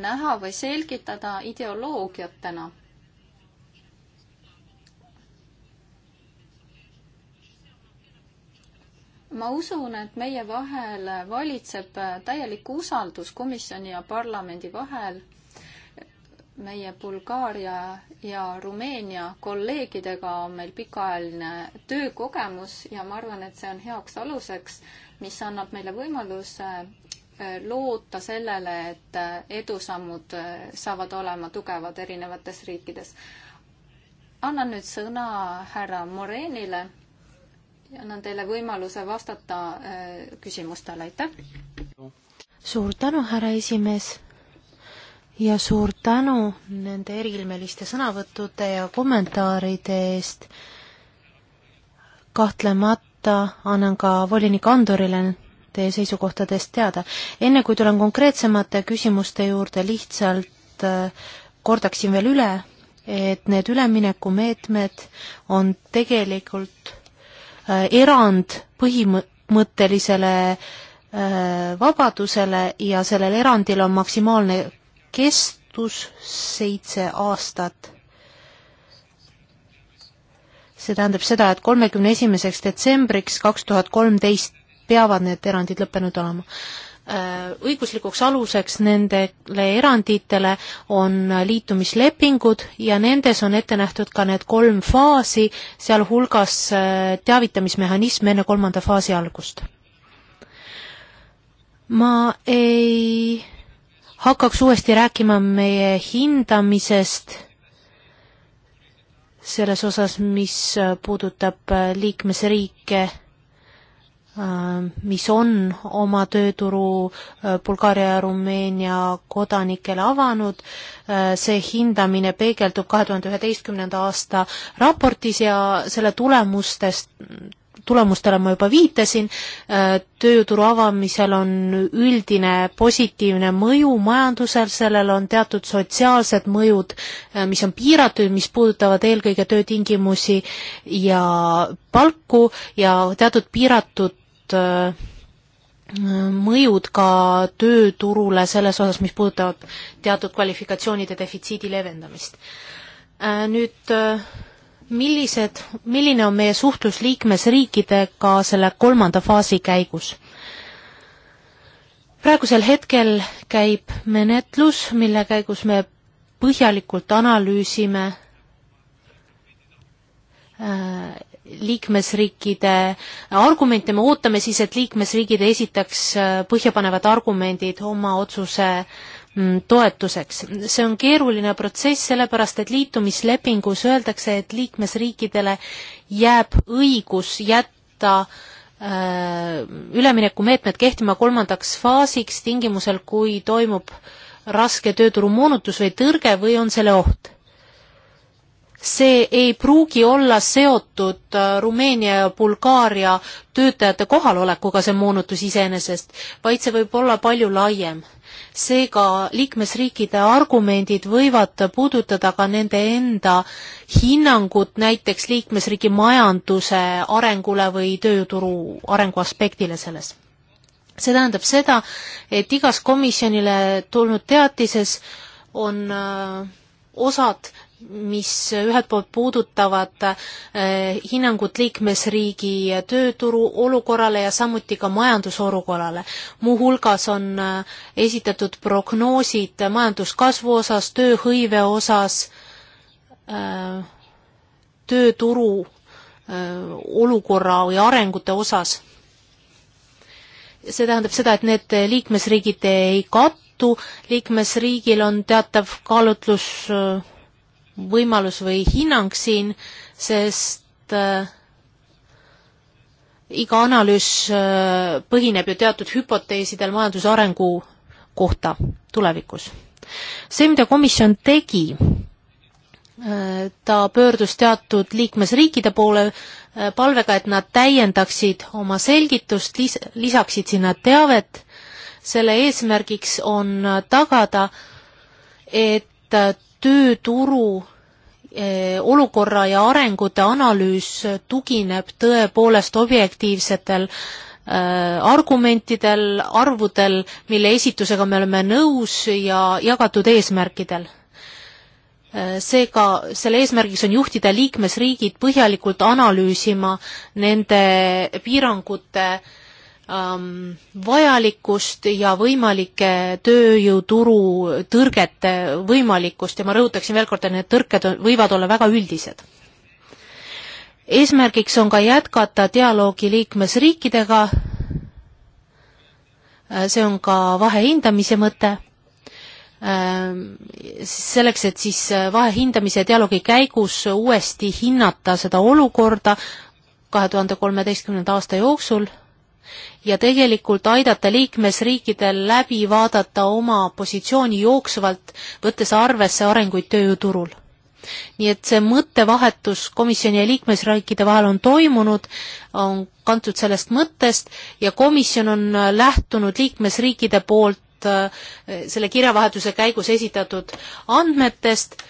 näha või selgitada ideoloogiatena ma usun, et meie vahel valitseb täielik usaldus komisjoni ja parlamendi vahel, meie Bulgaaria ja Rumeenia kolleegidega on meil pikaajaline töökogemus ja ma arvan, et see on heaks aluseks, mis annab meile võimaluse Äh, loota sellele, et äh, edusammud äh, saavad olema tugevad erinevates riikides. annan nüüd sõna härra Morenile ja annan teile võimaluse vastata küsimustele, aitäh! suur tänu, härra esimees! ja suur tänu nende eriilmeliste sõnavõttude ja kommentaaride eest. kahtlemata annan ka volinik Andorile teie seisukohtadest teada. enne kui tulen konkreetsemate küsimuste juurde, lihtsalt äh, kordaksin veel üle, et need üleminekumeetmed on tegelikult äh, erand põhimõttelisele äh, vabadusele ja sellel erandil on maksimaalne kestus seitse aastat see tähendab seda, et kolmekümne esimeseks detsembriks kaks tuhat kolmteist peavad need erandid lõppenud olema. Äh, õiguslikuks aluseks nendele eranditele on liitumislepingud ja nendes on ette nähtud ka need kolm faasi, sealhulgas äh, teavitamismehhanism enne kolmanda faasi algust. ma ei hakkaks uuesti rääkima meie hindamisest selles osas, mis puudutab äh, liikmesriike Äh, mis on oma tööturu äh, Bulgaaria ja Rumeenia kodanikele avanud. Äh, see hindamine peegeldub kahe tuhande üheteistkümnenda aasta raportis ja selle tulemustest tulemustele ma juba viitasin, äh, tööjõuturu avamisel on üldine positiivne mõju majandusel, sellel on teatud sotsiaalsed mõjud, äh, mis on piiratud, mis puudutavad eelkõige töötingimusi ja palku ja teatud piiratud äh, mõjud ka tööturule selles osas, mis puudutavad teatud kvalifikatsioonide defitsiidi leevendamist. Nüüd millised, milline on meie suhtlus liikmesriikidega selle kolmanda faasi käigus? praegusel hetkel käib menetlus, mille käigus me põhjalikult analüüsime äh, liikmesriikide argumente, me ootame siis, et liikmesriigid esitaks äh, põhjapanevad argumendid oma otsuse äh, Mm, toetuseks. see on keeruline protsess, sellepärast et liitumislepingus öeldakse, et liikmesriikidele jääb õigus jätta äh, üleminekumeetmed kehtima kolmandaks faasiks tingimusel, kui toimub raske tööturumoonutus või tõrge või on selle oht. see ei pruugi olla seotud äh, Rumeenia ja Bulgaaria töötajate kohalolekuga, see moonutus iseenesest, vaid see võib olla palju laiem seega liikmesriikide argumendid võivad puudutada ka nende enda hinnangut näiteks liikmesriigi majanduse arengule või tööturu arengu aspektile selles. see tähendab seda, et igas komisjonile tulnud teatises on äh, osad mis ühelt poolt puudutavad eh, hinnangut liikmesriigi tööturu olukorrale ja samuti ka majandusolukorrale. muuhulgas on eh, esitatud prognoosid majanduskasvu osas, tööhõive osas, eh, tööturu olukorra või arengute osas. see tähendab seda, et need liikmesriigid ei kattu, liikmesriigil on teatav kaalutlus võimalus või hinnang siin, sest äh, iga analüüs äh, põhineb ju teatud hüpoteesidel majanduse arengu kohta tulevikus. see, mida komisjon tegi äh,, ta pöördus teatud liikmesriikide poole äh, palvega, et nad täiendaksid oma selgitust lis, lisaksid sinna teavet, selle eesmärgiks on tagada, et äh, tööturu Eh, olukorra ja arengute analüüs tugineb tõepoolest objektiivsetel äh, argumentidel, arvudel, mille esitusega me oleme nõus ja jagatud eesmärkidel. Äh, seega selle eesmärgiks on juhtida liikmesriigid põhjalikult analüüsima nende piirangute äh, ähm, vajalikkust ja võimalike tööjõuturu tõrgete võimalikkust ja ma rõhutaksin veel kord, et need tõrked on, võivad olla väga üldised. eesmärgiks on ka jätkata dialoogi liikmesriikidega, äh, see on ka vahehindamise mõte ähm, selleks, et siis äh, vahehindamise dialoogi käigus uuesti hinnata seda olukorda kahe tuhande kolmeteistkümnenda aasta jooksul ja tegelikult aidata liikmesriikidel läbi vaadata oma positsiooni jooksvalt, võttes arvesse arenguid tööjõuturul. nii et see mõttevahetus komisjoni ja liikmesriikide vahel on toimunud, on kantud sellest mõttest ja komisjon on äh, lähtunud liikmesriikide poolt äh, selle kirjavahetuse käigus esitatud andmetest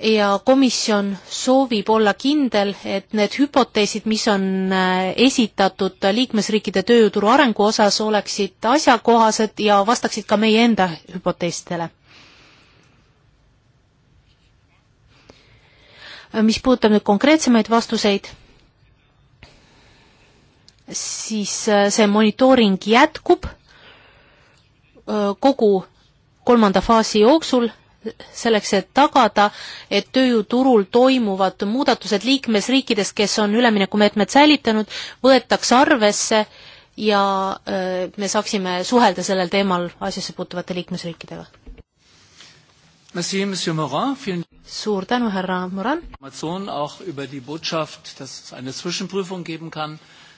ja komisjon soovib olla kindel, et need hüpoteesid, mis on äh, esitatud liikmesriikide tööjõuturu arengu osas, oleksid asjakohased ja vastaksid ka meie enda hüpoteesidele. mis puudutab nüüd konkreetsemaid vastuseid, siis äh, see monitooring jätkub äh, kogu kolmanda faasi jooksul selleks, et tagada, et tööjõuturul toimuvad muudatused liikmesriikides, kes on üleminekumeetmed säilitanud, võetakse arvesse ja äh, me saaksime suhelda sellel teemal asjasse puutuvate liikmesriikidega. suur tänu, härra Moran.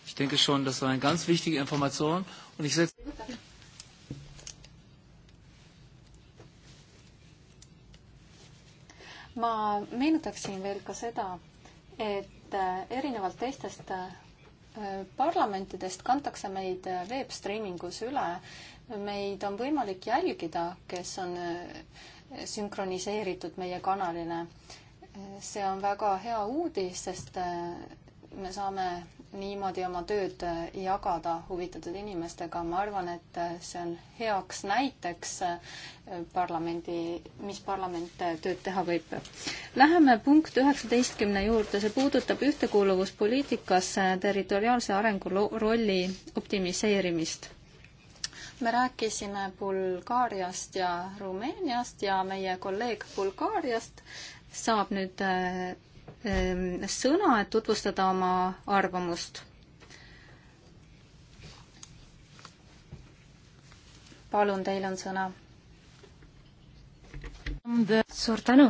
Ich denke schon, das war eine ganz wichtige Information und ich setze ma meenutaksin veel ka seda, et äh, erinevalt teistest äh, parlamentidest kantakse meid äh, veebstriimingus üle. meid on võimalik jälgida, kes on sünkroniseeritud meie kanalile. see on väga hea uudis, sest me saame niimoodi oma tööd äh, jagada huvitatud inimestega, ma arvan, et äh, see on heaks näiteks äh, parlamendi, mis parlament tööd teha võib. Läheme punkt üheksateistkümne juurde, see puudutab ühtekuuluvuspoliitikas territoriaalse arengu rolli optimiseerimist. me rääkisime Bulgaariast ja Rumeeniast ja meie kolleeg Bulgaariast saab nüüd Ehm, sõna, et tutvustada oma arvamust. palun, teil on sõna. suur tänu.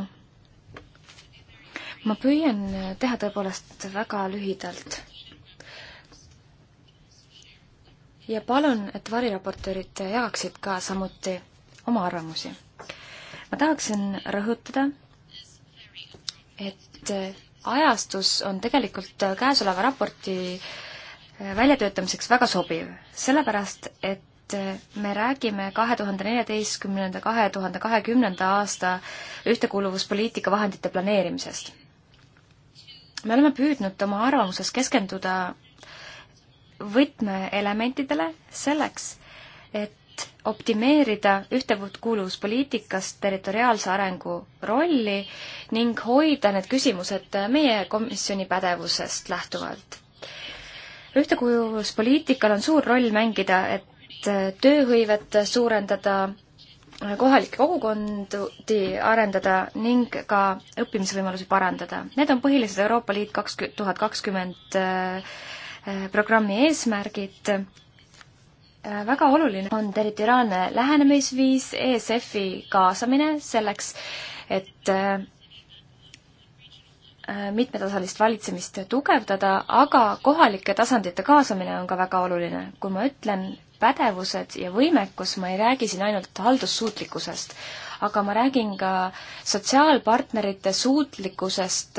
ma püüan teha tõepoolest väga lühidalt. ja palun, et variraportöörid jagaksid ka samuti oma arvamusi. ma tahaksin rõhutada, et ajastus on tegelikult käesoleva raporti äh, väljatöötamiseks väga sobiv, sellepärast et äh, me räägime kahe tuhande neljateistkümnenda, kahe tuhande kahekümnenda aasta ühtekuuluvuspoliitika vahendite planeerimisest. me oleme püüdnud oma arvamuses keskenduda võtmeelementidele selleks, et optimeerida ühtekuuluvuspoliitikas territoriaalse arengu rolli ning hoida need küsimused meie komisjoni pädevusest lähtuvalt. ühtekuuluvuspoliitikal on suur roll mängida, et tööhõivet suurendada, kohalikke kogukondi arendada ning ka õppimisvõimalusi parandada. Need on põhilised Euroopa Liit kaks tuhat kakskümmend äh, programmi eesmärgid Äh, väga oluline on territoriaalne lähenemisviis, ESF-i kaasamine selleks, et äh, äh, mitmetasalist valitsemist tugevdada, aga kohalike tasandite kaasamine on ka väga oluline. kui ma ütlen pädevused ja võimekus, ma ei räägi siin ainult haldussuutlikkusest, aga ma räägin ka sotsiaalpartnerite suutlikkusest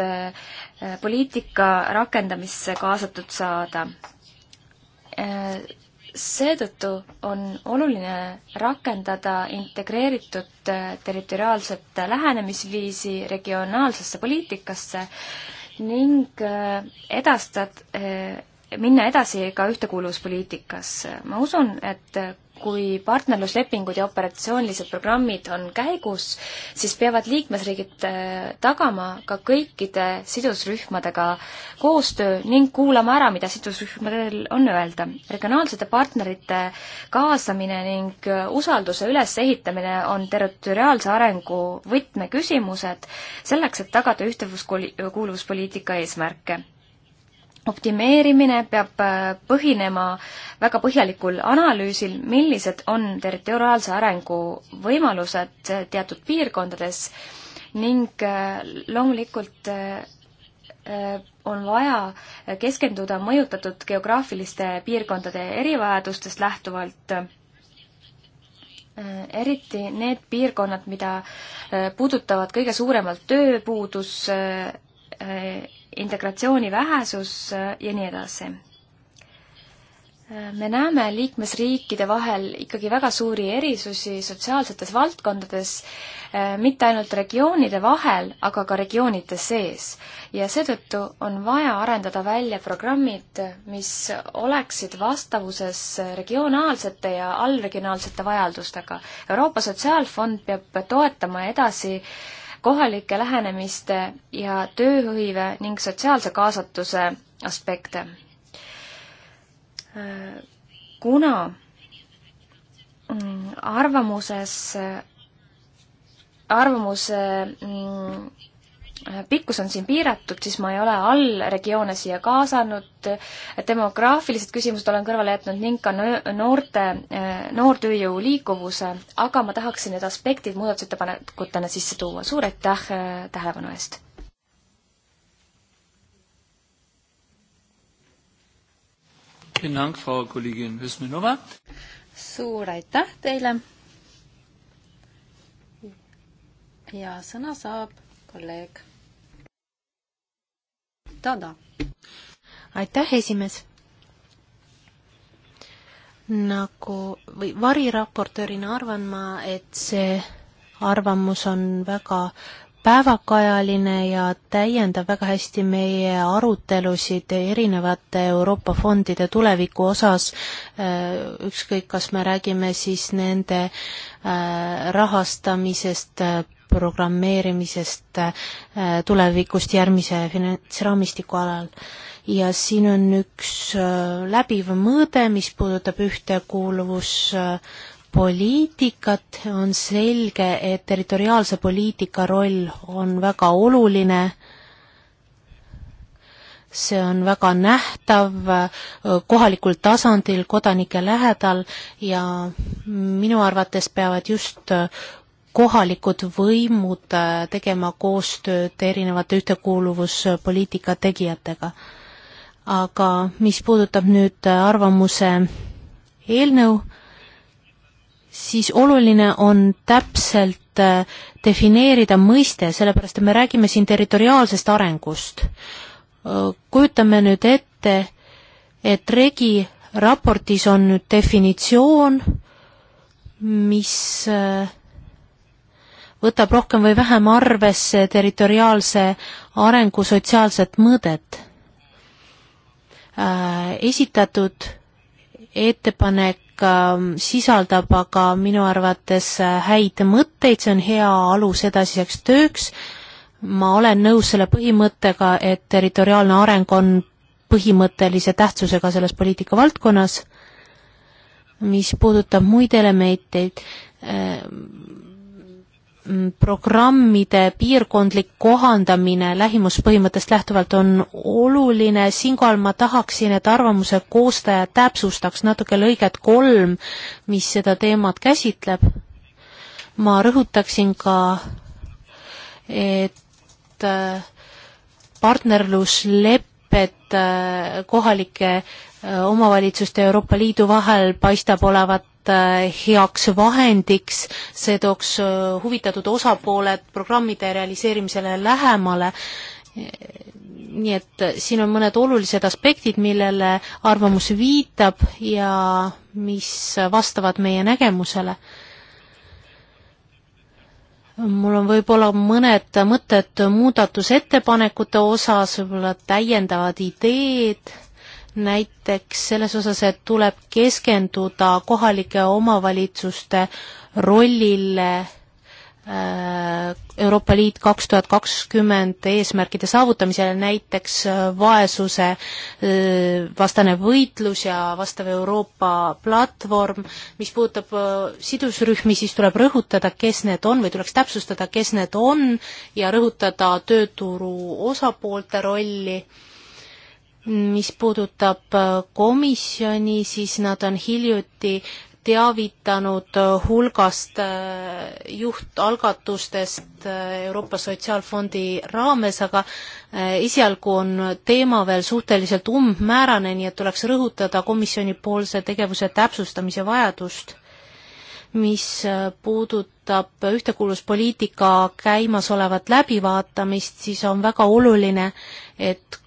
poliitika rakendamisse kaasatud saada seetõttu on oluline rakendada integreeritud äh, territoriaalset lähenemisviisi regionaalsesse poliitikasse ning äh, edastad äh, minna edasi ka ühtekuuluvuspoliitikas. ma usun, et kui partnerluslepingud ja operatsioonilised programmid on käigus, siis peavad liikmesriigid äh, tagama ka kõikide sidusrühmadega koostöö ning kuulama ära, mida sidusrühmadel on öelda. regionaalsete partnerite kaasamine ning äh, usalduse ülesehitamine on territoriaalse arengu võtmeküsimused selleks, et tagada ühtekuuluvuspoliitika eesmärke optimeerimine peab äh, põhinema väga põhjalikul analüüsil, millised on territoriaalse arengu võimalused äh, teatud piirkondades ning äh, loomulikult on vaja keskenduda mõjutatud geograafiliste piirkondade erivajadustest lähtuvalt, eriti need piirkonnad, mida puudutavad kõige suuremalt tööpuudus, integratsiooni vähesus äh, ja nii edasi. Äh, me näeme liikmesriikide vahel ikkagi väga suuri erisusi sotsiaalsetes valdkondades, äh, mitte ainult regioonide vahel, aga ka regioonide sees. ja seetõttu on vaja arendada välja programmid, mis oleksid vastavuses regionaalsete ja allregionaalsete vajadustega. Euroopa Sotsiaalfond peab toetama edasi äh, kohalike lähenemiste ja tööhõive ning sotsiaalse kaasatuse aspekte. kuna mm, arvamuses, arvamuse mm, pikkus on siin piiratud, siis ma ei ole allregioone siia kaasanud, demograafilised küsimused olen kõrvale jätnud ning ka noorte, noortööjõu liikuvuse, aga ma tahaksin need aspektid muudatusettepanekutena sisse tuua. suur aitäh äh, tähelepanu eest! suur aitäh teile! ja sõna saab kolleeg Dada. aitäh, esimees! nagu või variraportöörina arvan ma, et see arvamus on väga päevakajaline ja täiendab väga hästi meie arutelusid erinevate Euroopa fondide tuleviku osas, ükskõik, kas me räägime siis nende äh, rahastamisest äh, programmeerimisest äh, tulevikust järgmise finantsraamistiku alal. ja siin on üks äh, läbiv mõõde, mis puudutab ühtekuuluvuspoliitikat, on selge, et territoriaalse poliitika roll on väga oluline, see on väga nähtav äh, kohalikul tasandil, kodanike lähedal ja minu arvates peavad just kohalikud võimud äh, tegema koostööd erinevate ühtekuuluvuspoliitika tegijatega. aga mis puudutab nüüd äh, arvamuse eelnõu, siis oluline on täpselt äh, defineerida mõiste, sellepärast et me räägime siin territoriaalsest arengust. kujutame nüüd ette, et regi raportis on nüüd definitsioon, mis äh, võtab rohkem või vähem arvesse territoriaalse arengu sotsiaalset mõõdet. Äh, esitatud ettepanek ähm, sisaldab aga minu arvates äh, häid mõtteid, see on hea alus edasiseks tööks. ma olen nõus selle põhimõttega, et territoriaalne areng on põhimõttelise tähtsusega selles poliitika valdkonnas. mis puudutab muid elemente, äh, Mm, programmide piirkondlik kohandamine lähimuspõhimõttest lähtuvalt on oluline, siinkohal ma tahaksin, et arvamuse koostaja täpsustaks natuke lõiget kolm, mis seda teemat käsitleb. ma rõhutaksin ka, et äh, partnerluslepped äh, kohalike äh, Äh, omavalitsuste Euroopa Liidu vahel paistab olevat äh, heaks vahendiks, see tooks äh, huvitatud osapooled programmide realiseerimisele lähemale, nii et siin on mõned olulised aspektid, millele arvamus viitab ja mis vastavad meie nägemusele. mul on võib-olla mõned mõtted muudatusettepanekute osas, võib-olla täiendavad ideed näiteks selles osas, et tuleb keskenduda kohalike omavalitsuste rollile äh, Euroopa Liit kaks tuhat kakskümmend eesmärkide saavutamisele, näiteks äh, vaesuse äh, vastane võitlus ja vastav Euroopa platvorm, mis puudutab sidusrühmi, siis tuleb rõhutada, kes need on või tuleks täpsustada, kes need on ja rõhutada tööturu osapoolte rolli mis puudutab äh, komisjoni, siis nad on hiljuti teavitanud äh, hulgast äh, juhtalgatustest Euroopa Sotsiaalfondi raames, aga esialgu on teema veel suhteliselt umbmäärane, nii et tuleks rõhutada komisjonipoolse tegevuse täpsustamise vajadust, mis puudutab ühtekuuluvuspoliitika käimasolevat läbivaatamist, siis on väga oluline, et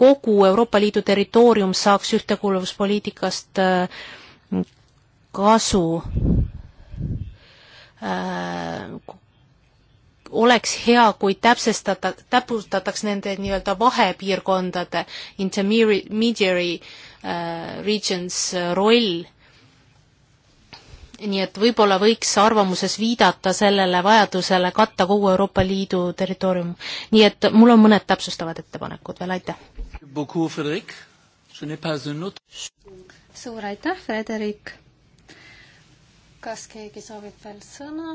kogu Euroopa Liidu territoorium saaks ühtekuuluvuspoliitikast äh, kasu äh, oleks hea, kui täpsestata, täpsustataks nende nii-öelda vahepiirkondade intermediary uh, regions roll. nii et võib-olla võiks arvamuses viidata sellele vajadusele katta kogu Euroopa Liidu territoorium. nii et mul on mõned täpsustavad ettepanekud veel, aitäh! beaucoup, Frederik. Je n'ai pas un autre. suur aitäh, Frederik. kas keegi soovib veel sõna?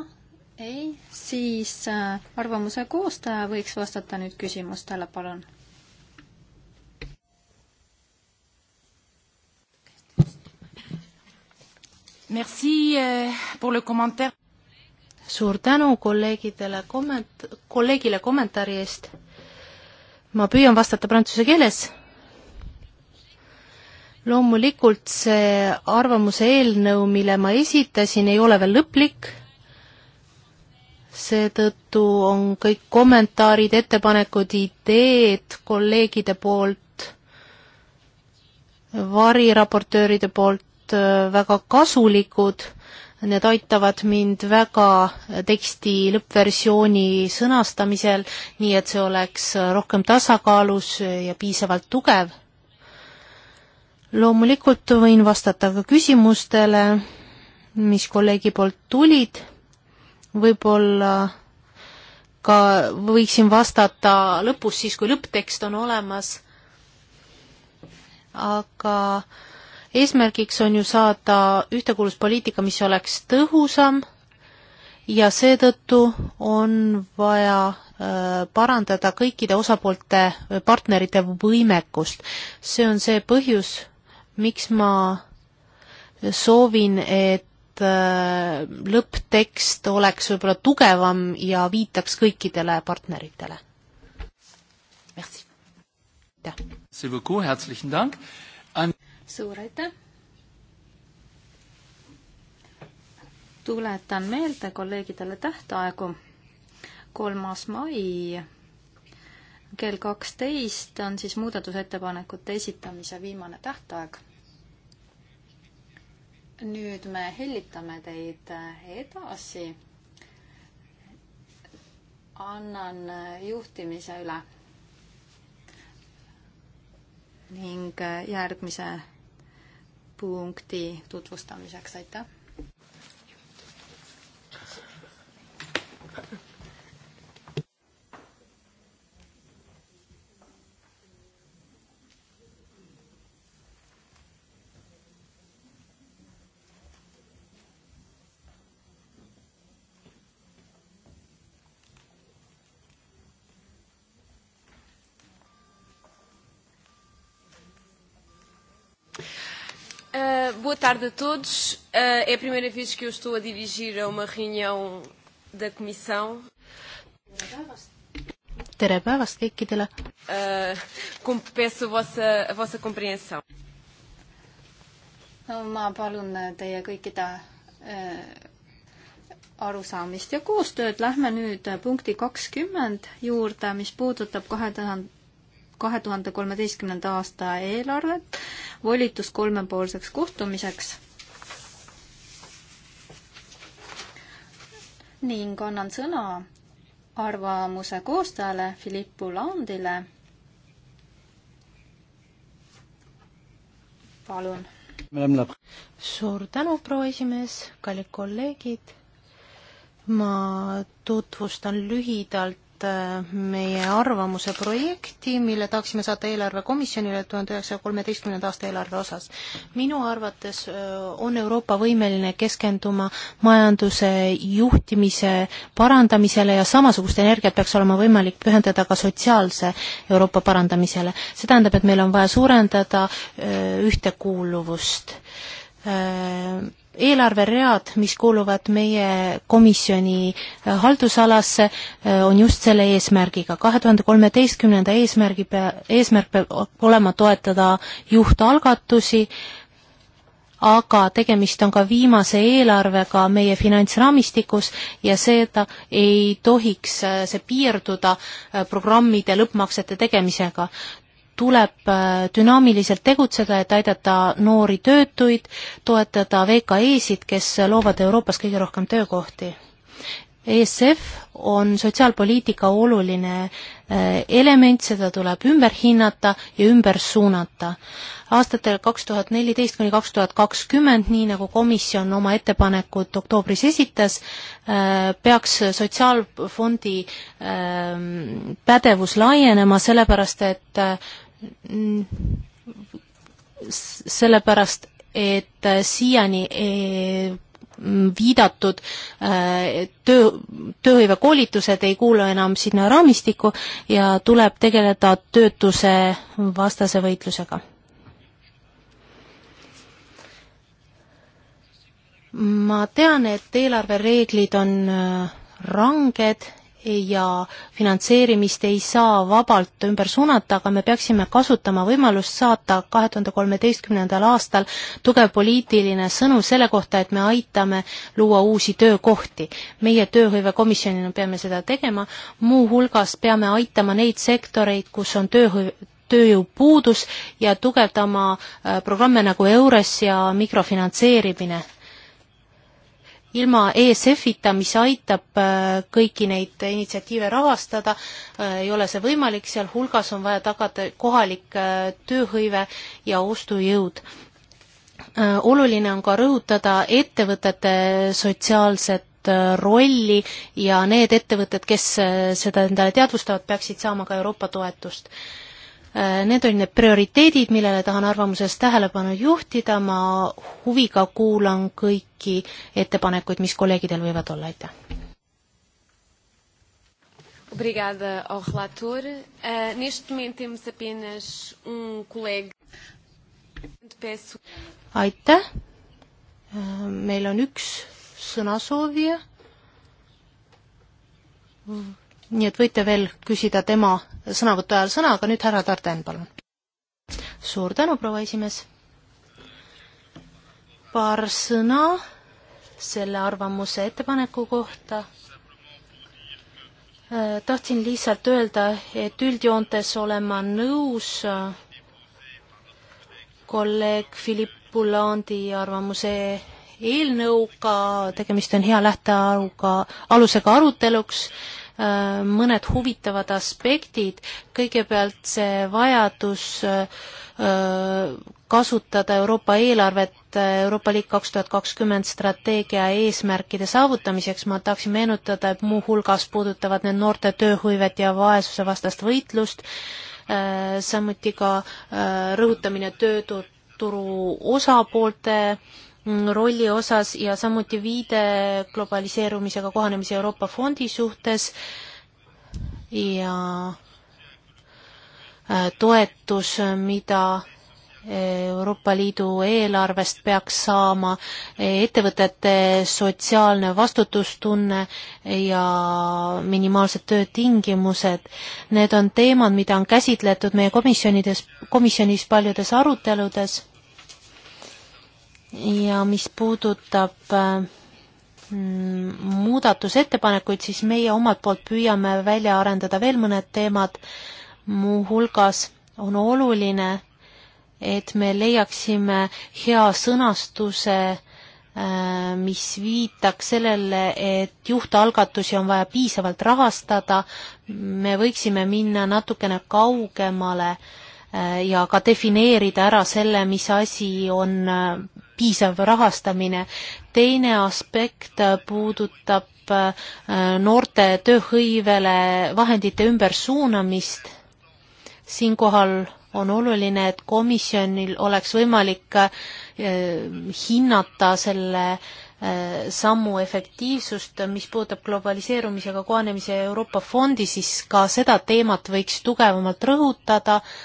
ei, siis äh, arvamuse koostaja võiks vastata nüüd küsimustele, palun. Merci äh, pour le commentaire. suur tänu kolleegidele komment-, kolleegile kommentaari eest ma püüan vastata prantsuse keeles. loomulikult see arvamuse eelnõu, mille ma esitasin, ei ole veel lõplik, seetõttu on kõik kommentaarid, ettepanekud, ideed kolleegide poolt, variraportööride poolt äh, väga kasulikud Need aitavad mind väga teksti lõppversiooni sõnastamisel, nii et see oleks rohkem tasakaalus ja piisavalt tugev. loomulikult võin vastata ka küsimustele, mis kolleegi poolt tulid, võib-olla ka võiksin vastata lõpus, siis kui lõpptekst on olemas, aga äh, eesmärgiks on ju saada ühtekuuluspoliitika, mis oleks tõhusam ja seetõttu on vaja äh, parandada kõikide osapoolte, äh, partnerite võimekust. see on see põhjus, miks ma soovin, et äh, lõpptekst oleks võib-olla tugevam ja viitaks kõikidele partneritele. aitäh! suur aitäh! tuletan meelde kolleegidele tähtaegu. kolmas mai kell kaksteist on siis muudatusettepanekute esitamise viimane tähtaeg. nüüd me hellitame teid edasi. annan juhtimise üle ning järgmise punkti tutvustamiseks, aitäh! boa tarde a todos. Uh, é a primeira vez que eu estou a dirigir a uma reunião da Comissão. tere päevast kõikidele uh,! Eh, peço a vossa, a vossa compreensão. ma palun eh, teie kõikide uh, arusaamist ja koostööd. Lähme nüüd punkti kakskümmend juurde, mis puudutab kahe tuhande kahe tuhande kolmeteistkümnenda aasta eelarvet, volitus kolmepoolseks kohtumiseks. ning annan sõna arvamuse koostajale Philippu Landile. palun. suur tänu, proua esimees, kallid kolleegid. ma tutvustan lühidalt Äh, meie arvamuse projekti, mille tahaksime saata eelarvekomisjonile tuhande üheksasaja kolmeteistkümnenda aasta eelarve osas. minu arvates äh, on Euroopa võimeline keskenduma majanduse juhtimise parandamisele ja samasugust energiat peaks olema võimalik pühendada ka sotsiaalse Euroopa parandamisele. see tähendab, et meil on vaja suurendada äh, ühtekuuluvust eelarveread, mis kuuluvad meie komisjoni äh, haldusalasse, äh, on just selle eesmärgiga. kahe tuhande kolmeteistkümnenda eesmärgi pea, eesmärk peab olema toetada juhtalgatusi, aga tegemist on ka viimase eelarvega meie finantsraamistikus ja seda ei tohiks äh, see piirduda programmide lõppmaksete tegemisega tuleb äh, dünaamiliselt tegutseda, et aidata noori töötuid, toetada VKE-sid, kes loovad Euroopas kõige rohkem töökohti ESF on sotsiaalpoliitika oluline eh, element, seda tuleb ümber hinnata ja ümber suunata. aastatel kaks tuhat neliteist kuni kaks tuhat kakskümmend, nii nagu komisjon oma ettepanekud oktoobris esitas, eh, peaks Sotsiaalfondi eh, pädevus laienema, sellepärast et sellepärast, et siiani Mm, viidatud äh, töö, tööhõivekoolitused ei kuulu enam sinna raamistikku ja tuleb tegeleda töötuse vastase võitlusega. ma tean, et eelarvereeglid on äh, ranged ja finantseerimist ei saa vabalt ümber suunata, aga me peaksime kasutama võimalust saata kahe tuhande kolmeteistkümnendal aastal tugev poliitiline sõnum selle kohta, et me aitame luua uusi töökohti. meie tööhõivekomisjonina peame seda tegema, muuhulgas peame aitama neid sektoreid, kus on tööhõive, tööjõupuudus ja tugevdama äh, programme nagu EURES ja mikrofinantseerimine ilma ESF-ita, mis aitab äh, kõiki neid initsiatiive rahastada, äh, ei ole see võimalik, sealhulgas on vaja tagada kohalik äh, tööhõive ja ostujõud. oluline on ka rõhutada ettevõtete sotsiaalset rolli ja need ettevõtted, kes seda endale teadvustavad, peaksid saama ka Euroopa toetust Äh, need on need prioriteedid, millele tahan arvamuses tähelepanu juhtida, ma huviga kuulan kõiki ettepanekuid, mis kolleegidel võivad olla, aitäh. Obrigada ao relator. Uh, neste momento temos apenas um colega. Peço... Aitäh. Uh, meil on üks sõnasoovija nii et võite veel küsida tema sõnavõtu ajal sõna, aga nüüd härra Tarden, palun. suur tänu, proua esimees. paar sõna selle arvamuse ettepaneku kohta. Äh, tahtsin lihtsalt öelda, et üldjoontes olen ma nõus äh, kolleeg Philipp Bullandi arvamuse eelnõuga, tegemist on hea lähtearuga, alusega aruteluks Äh, mõned huvitavad aspektid, kõigepealt see vajadus äh, kasutada Euroopa eelarvet äh, Euroopa Liit kaks tuhat kakskümmend strateegia eesmärkide saavutamiseks, ma tahaksin meenutada, et muuhulgas puudutavad need noorte tööhõivet ja vaesusevastast võitlust, samuti ka rõhutamine tööturu osapoolte rolli osas ja samuti viide globaliseerumisega kohanemise Euroopa fondi suhtes ja äh, toetus, mida Euroopa Liidu eelarvest peaks saama äh, ettevõtete sotsiaalne vastutustunne ja minimaalsed töötingimused. Need on teemad, mida on käsitletud meie komisjonides, komisjonis paljudes aruteludes ja mis puudutab äh, mm, muudatusettepanekuid, siis meie omalt poolt püüame välja arendada veel mõned teemad, muuhulgas on oluline, et me leiaksime hea sõnastuse äh, mis viitaks sellele, et juhtalgatusi on vaja piisavalt rahastada, me võiksime minna natukene kaugemale äh, ja ka defineerida ära selle, mis asi on äh, piisav rahastamine. teine aspekt puudutab äh, noorte tööhõivele vahendite ümbersuunamist. siinkohal on oluline, et komisjonil oleks võimalik äh, hinnata selle äh, sammu efektiivsust, mis puudutab globaliseerumisega kohanemise Euroopa fondi, siis ka seda teemat võiks tugevamalt rõhutada äh,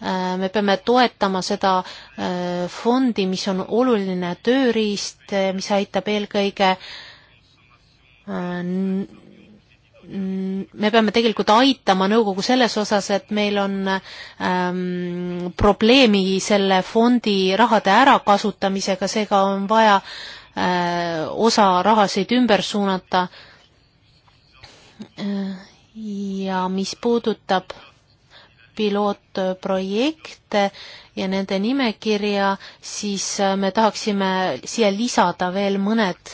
Äh, me peame toetama seda äh, fondi, mis on oluline tööriist, äh, mis aitab eelkõige me peame tegelikult aitama nõukogu selles osas, et meil on ähm, probleemi selle fondi rahade ärakasutamisega, seega on vaja äh, osa rahasid ümber suunata äh,. ja mis puudutab äh, pilootprojekte ja nende nimekirja, siis äh, me tahaksime siia lisada veel mõned,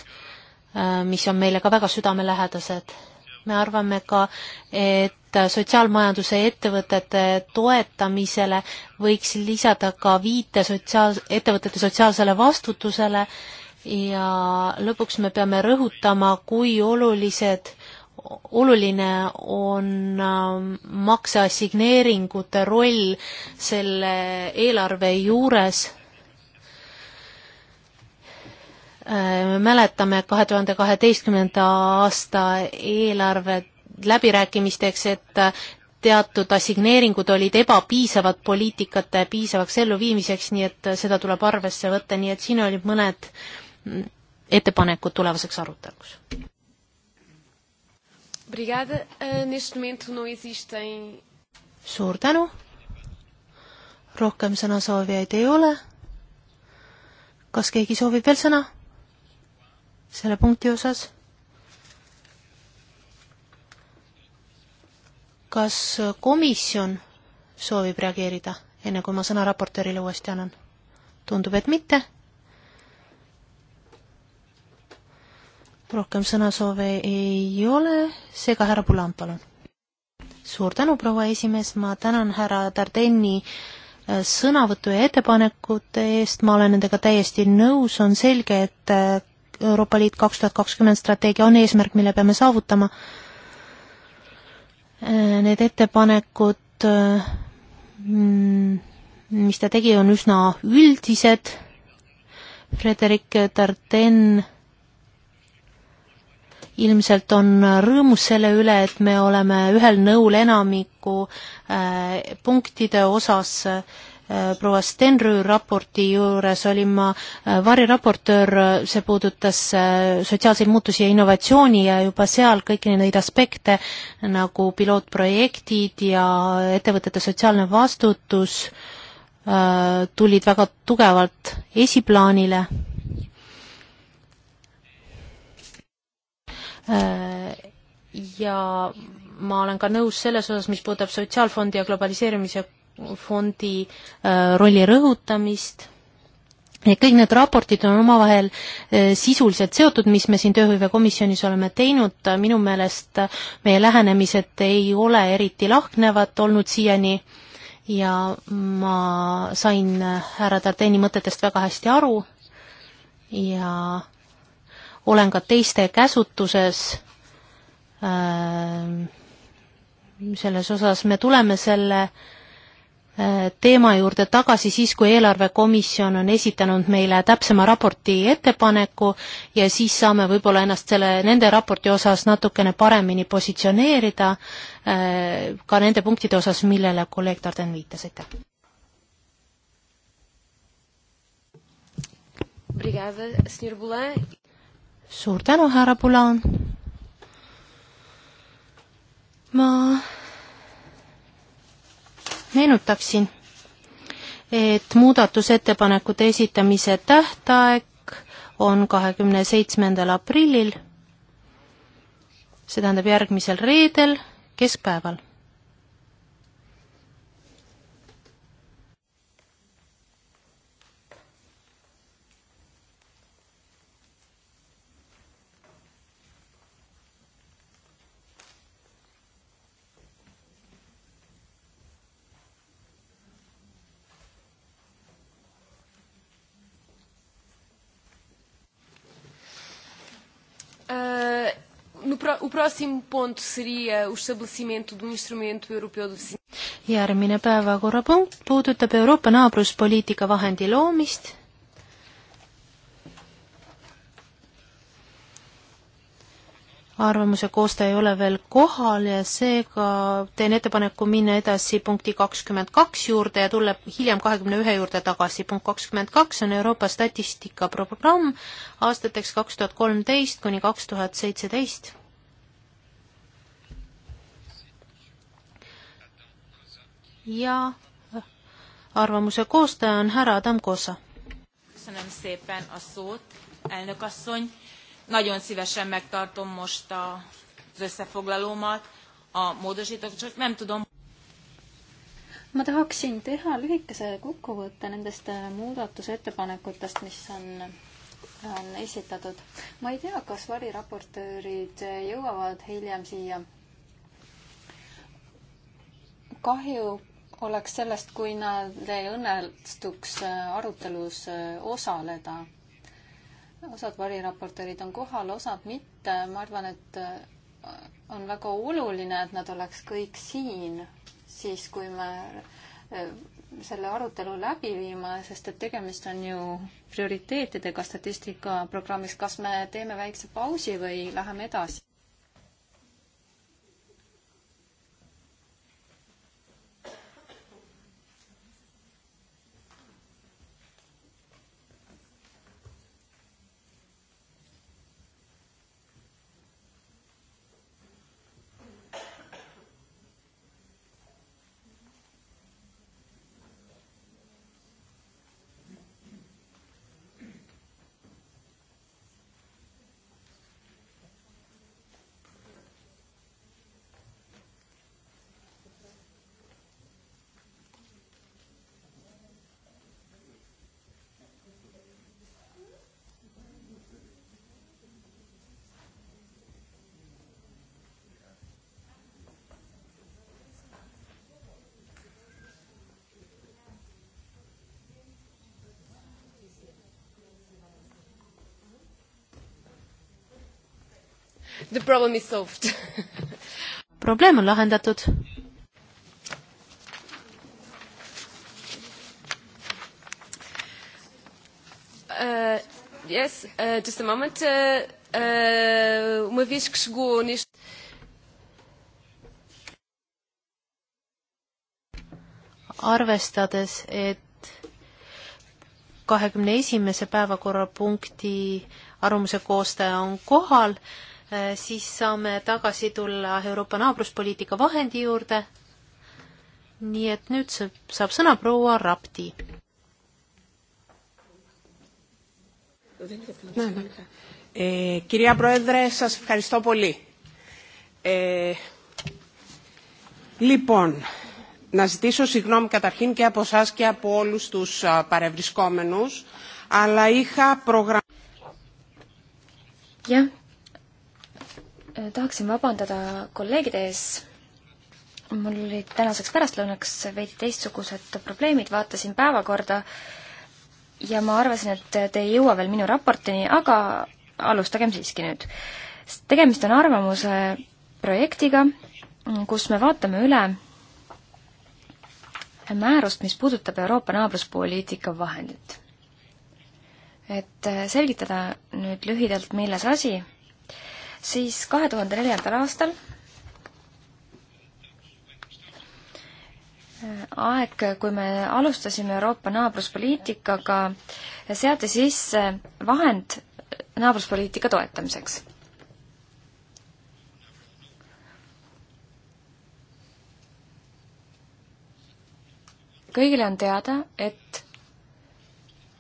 äh, mis on meile ka väga südamelähedased. me arvame ka, et sotsiaalmajanduse ettevõtete toetamisele võiks lisada ka viite sotsiaal, ettevõtete sotsiaalsele vastutusele ja lõpuks me peame rõhutama, kui olulised oluline on ähm, makseassigneeringute roll selle eelarve juures. Äh, me mäletame kahe tuhande kaheteistkümnenda aasta eelarve läbirääkimisteks, et äh, teatud assigneeringud olid ebapiisavad poliitikate piisavaks elluviimiseks, nii et äh, seda tuleb arvesse võtta, nii et siin olid mõned mm, ettepanekud tulevaseks aruteluks obrigada. Uh, neste momento no existem... suur tänu. rohkem sõnasoovijaid ei ole. kas keegi soovib veel sõna selle punkti osas? kas komisjon soovib reageerida, enne kui ma sõna raportöörile uuesti annan? tundub, et mitte rohkem sõnasoove ei ole, seega härra Pulan, palun. suur tänu, proua esimees, ma tänan härra Dardenni äh, sõnavõtu ja ettepanekute eest, ma olen nendega täiesti nõus, on selge, et äh, Euroopa Liit kaks tuhat kakskümmend strateegia on eesmärk, mille peame saavutama. Äh, need ettepanekud, mm, mis ta tegi, on üsna üldised, Frederik Darden ilmselt on rõõmus selle üle, et me oleme ühel nõul enamiku äh, punktide osas äh, proua Stenrüü raporti juures olin ma äh, variraportöör, see puudutas äh, sotsiaalseid muutusi ja innovatsiooni ja juba seal kõiki neid aspekte nagu pilootprojektid ja ettevõtete sotsiaalne vastutus äh, tulid väga tugevalt esiplaanile Äh, ja ma olen ka nõus selles osas, mis puudutab Sotsiaalfondi ja Globaliseerimise fondi äh, rolli rõhutamist, et kõik need raportid on omavahel äh, sisuliselt seotud, mis me siin Tööhõivekomisjonis oleme teinud, minu meelest meie lähenemised ei ole eriti lahknevad olnud siiani ja ma sain härra Dardeni mõtetest väga hästi aru ja olen ka teiste käsutuses ähm, selles osas, me tuleme selle äh, teema juurde tagasi siis, kui eelarvekomisjon on esitanud meile täpsema raporti ettepaneku ja siis saame võib-olla ennast selle, nende raporti osas natukene paremini positsioneerida, äh, ka nende punktide osas, millele kolleeg Tarden viitas, aitäh suur tänu, härra Pulan. ma meenutaksin, et muudatusettepanekute esitamise tähtaeg on kahekümne seitsmendal aprillil, see tähendab järgmisel reedel keskpäeval. Uh, no, o próximo ponto seria o estabelecimento de um instrumento europeu do järgmine päevakorrapunkt puudutab Euroopa naabruspoliitika vahendi loomist arvamuse koostaja ei ole veel kohal ja seega teen ettepaneku minna edasi punkti kakskümmend kaks juurde ja tulla hiljem kahekümne ühe juurde tagasi. punkt kakskümmend kaks on Euroopa statistikaprogramm aastateks kaks tuhat kolmteist kuni kaks tuhat seitseteist. ja arvamuse koostaja on härra Adam Kosa. köszönöm szépen a szót, elnök asszony Nagyon szívesen megtartom most az összefoglalómat, a módosítok, csak nem tudom. ma tahaksin teha lühikese kokkuvõtte nendest äh, muudatusettepanekutest, mis on on esitatud. ma ei tea, kas variraportöörid jõuavad hiljem siia. kahju oleks sellest, kui nad ei õnnestuks äh, arutelus äh, osaleda osad variraportöörid on kohal, osad mitte. ma arvan, et äh, on väga oluline, et nad oleks kõik siin, siis kui me äh, selle arutelu läbi viima, sest et tegemist on ju prioriteetidega statistikaprogrammis. kas me teeme väikse pausi või läheme edasi? The problem is solved probleem on lahendatud. Uh, yes, uh, just a moment. Uh, uh, uma vez que chegou neste. arvestades, et kahekümne esimese päevakorrapunkti arvamuse koostaja on kohal äh,, Äh, siis saame tagasi tulla Euroopa naabruspoliitika vahendi juurde. nii et nüüd saab sõna proua Rapti. Eh, kirja Proedre, eh, sas ευχαριστώ πολύ. Λοιπόν, να ζητήσω συγγνώμη καταρχήν και από εσά και από όλους τους παρευρισκόμενους, αλλά είχα προγραμματίσει. Yeah tahaksin vabandada kolleegide ees. mul olid tänaseks pärastlõunaks veidi teistsugused probleemid, vaatasin päevakorda ja ma arvasin, et te ei jõua veel minu raportini, aga alustagem siiski nüüd. tegemist on arvamuse projektiga, kus me vaatame üle määrust, mis puudutab Euroopa naabruspoliitika vahendit. et selgitada nüüd lühidalt, milles asi siis kahe tuhande neljandal aastal aeg, kui me alustasime Euroopa naabruspoliitikaga, seati sisse vahend naabruspoliitika toetamiseks kõigile on teada, et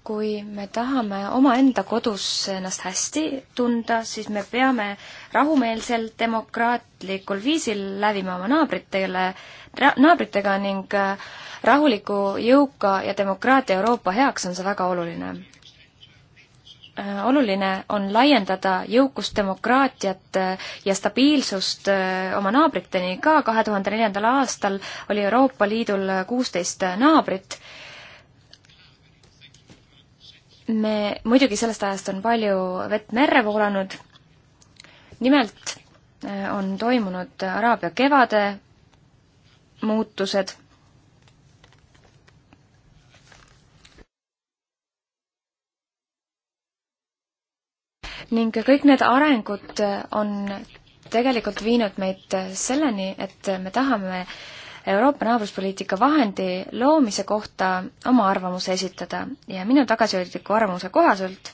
kui me tahame omaenda kodus ennast hästi tunda, siis me peame rahumeelsel demokraatlikul viisil lävima oma naabritele, naabritega ning äh, rahuliku, jõuka ja demokraatia Euroopa heaks on see väga oluline. Äh, oluline on laiendada jõukust, demokraatiat äh, ja stabiilsust oma naabriteni ka, kahe tuhande neljandal aastal oli Euroopa Liidul kuusteist naabrit me, muidugi sellest ajast on palju vett merre voolanud, nimelt äh, on toimunud Araabia kevade muutused. ning kõik need arengud on tegelikult viinud meid selleni, et me tahame äh, Euroopa naabruspoliitika vahendi loomise kohta oma arvamuse esitada ja minu tagasihoidliku arvamuse kohaselt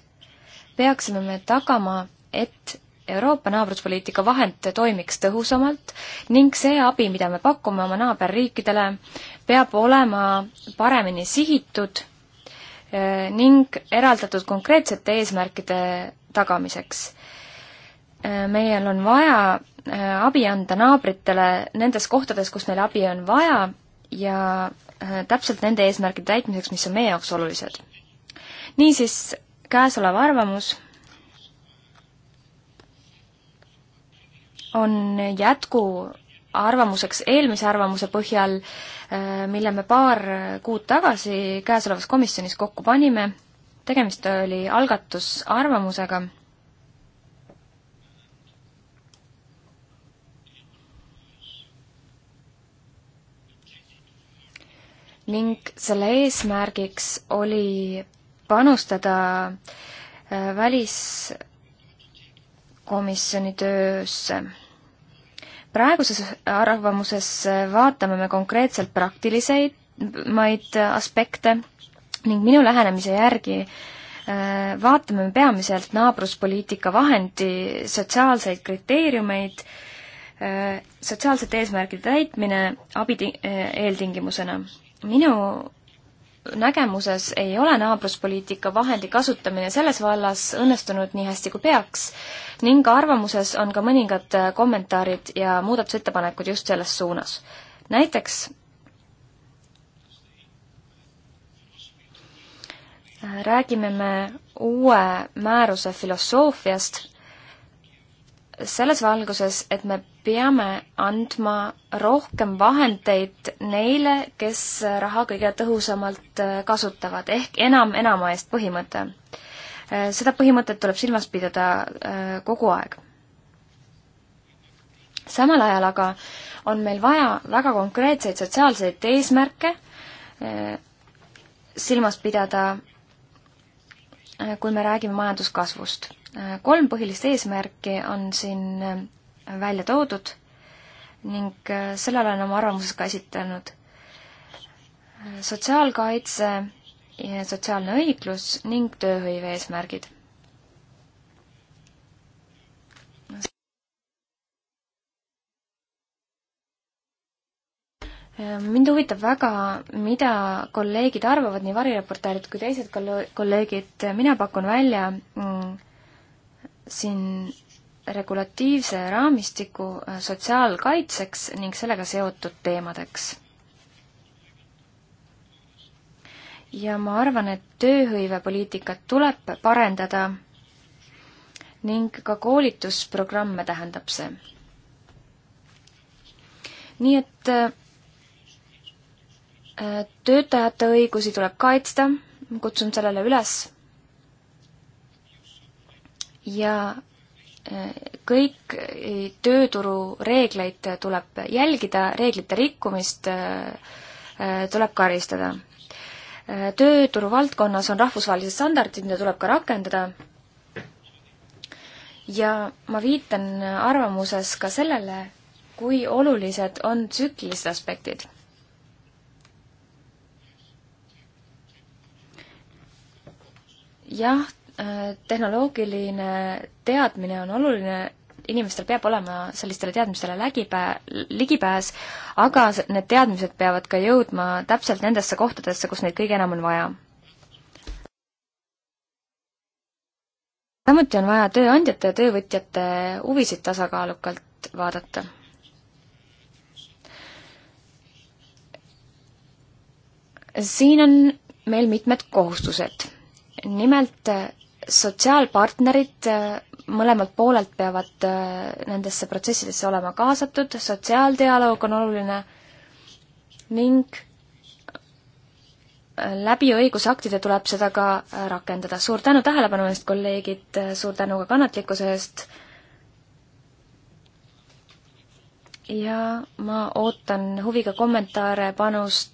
peaksime me tagama, et Euroopa naabruspoliitika vahend toimiks tõhusamalt ning see abi, mida me pakume oma naaberriikidele, peab olema paremini sihitud eh, ning eraldatud konkreetsete eesmärkide tagamiseks meil on vaja äh, abi anda naabritele nendes kohtades, kus neil abi on vaja ja äh, täpselt nende eesmärkide täitmiseks, mis on meie jaoks olulised. niisiis, käesolev arvamus on jätku arvamuseks eelmise arvamuse põhjal, äh, mille me paar kuud tagasi käesolevas komisjonis kokku panime. tegemist oli algatusarvamusega ning selle eesmärgiks oli panustada äh, väliskomisjoni töösse. praeguses arvamuses äh, vaatame me konkreetselt praktilisemaid äh, aspekte ning minu lähenemise järgi vaatame peamiselt naabruspoliitika vahendi sotsiaalseid kriteeriumeid, sotsiaalsete eesmärgide täitmine abi eeltingimusena minu nägemuses ei ole naabruspoliitika vahendi kasutamine selles vallas õnnestunud nii hästi kui peaks ning arvamuses on ka mõningad kommentaarid ja muudatusettepanekud just selles suunas. näiteks räägime me uue määruse filosoofiast selles valguses, et me peame andma rohkem vahendeid neile, kes raha kõige tõhusamalt äh, kasutavad, ehk enam enama eest põhimõte. Äh, seda põhimõtet tuleb silmas pidada äh, kogu aeg. samal ajal aga on meil vaja väga konkreetseid sotsiaalseid eesmärke silmas pidada, kui me räägime majanduskasvust kolm põhilist eesmärki on siin välja toodud ning äh, selle olen oma arvamuses ka esitanud. sotsiaalkaitse, sotsiaalne õiglus ning tööhõive eesmärgid. mind huvitab väga, mida kolleegid arvavad, nii varireporterid kui teised kolleegid, mina pakun välja mm, siin regulatiivse raamistiku äh, sotsiaalkaitseks ning sellega seotud teemadeks. ja ma arvan, et tööhõivepoliitikat tuleb parendada ning ka koolitusprogramme tähendab see. nii et äh, töötajate õigusi tuleb kaitsta, kutsun sellele üles ja äh, kõik äh, tööturu reegleid tuleb jälgida, reeglite rikkumist äh, tuleb karistada. tööturu valdkonnas on rahvusvahelised standardid, mida tuleb ka rakendada ja ma viitan arvamuses ka sellele, kui olulised on tsüklilised aspektid. jah, Äh, tehnoloogiline teadmine on oluline, inimestel peab olema sellistele teadmistele lägipää-, ligipääs, aga need teadmised peavad ka jõudma täpselt nendesse kohtadesse, kus neid kõige enam on vaja. samuti on vaja tööandjate ja töövõtjate huvisid tasakaalukalt vaadata siin on meil mitmed kohustused. nimelt sotsiaalpartnerid äh, mõlemalt poolelt peavad äh, nendesse protsessidesse olema kaasatud, sotsiaaldialoog on oluline ning äh, läbi õigusaktide tuleb seda ka rakendada. suur tänu tähelepanu eest, kolleegid, suur tänu ka kannatlikkuse eest ja ma ootan huviga kommentaare, panust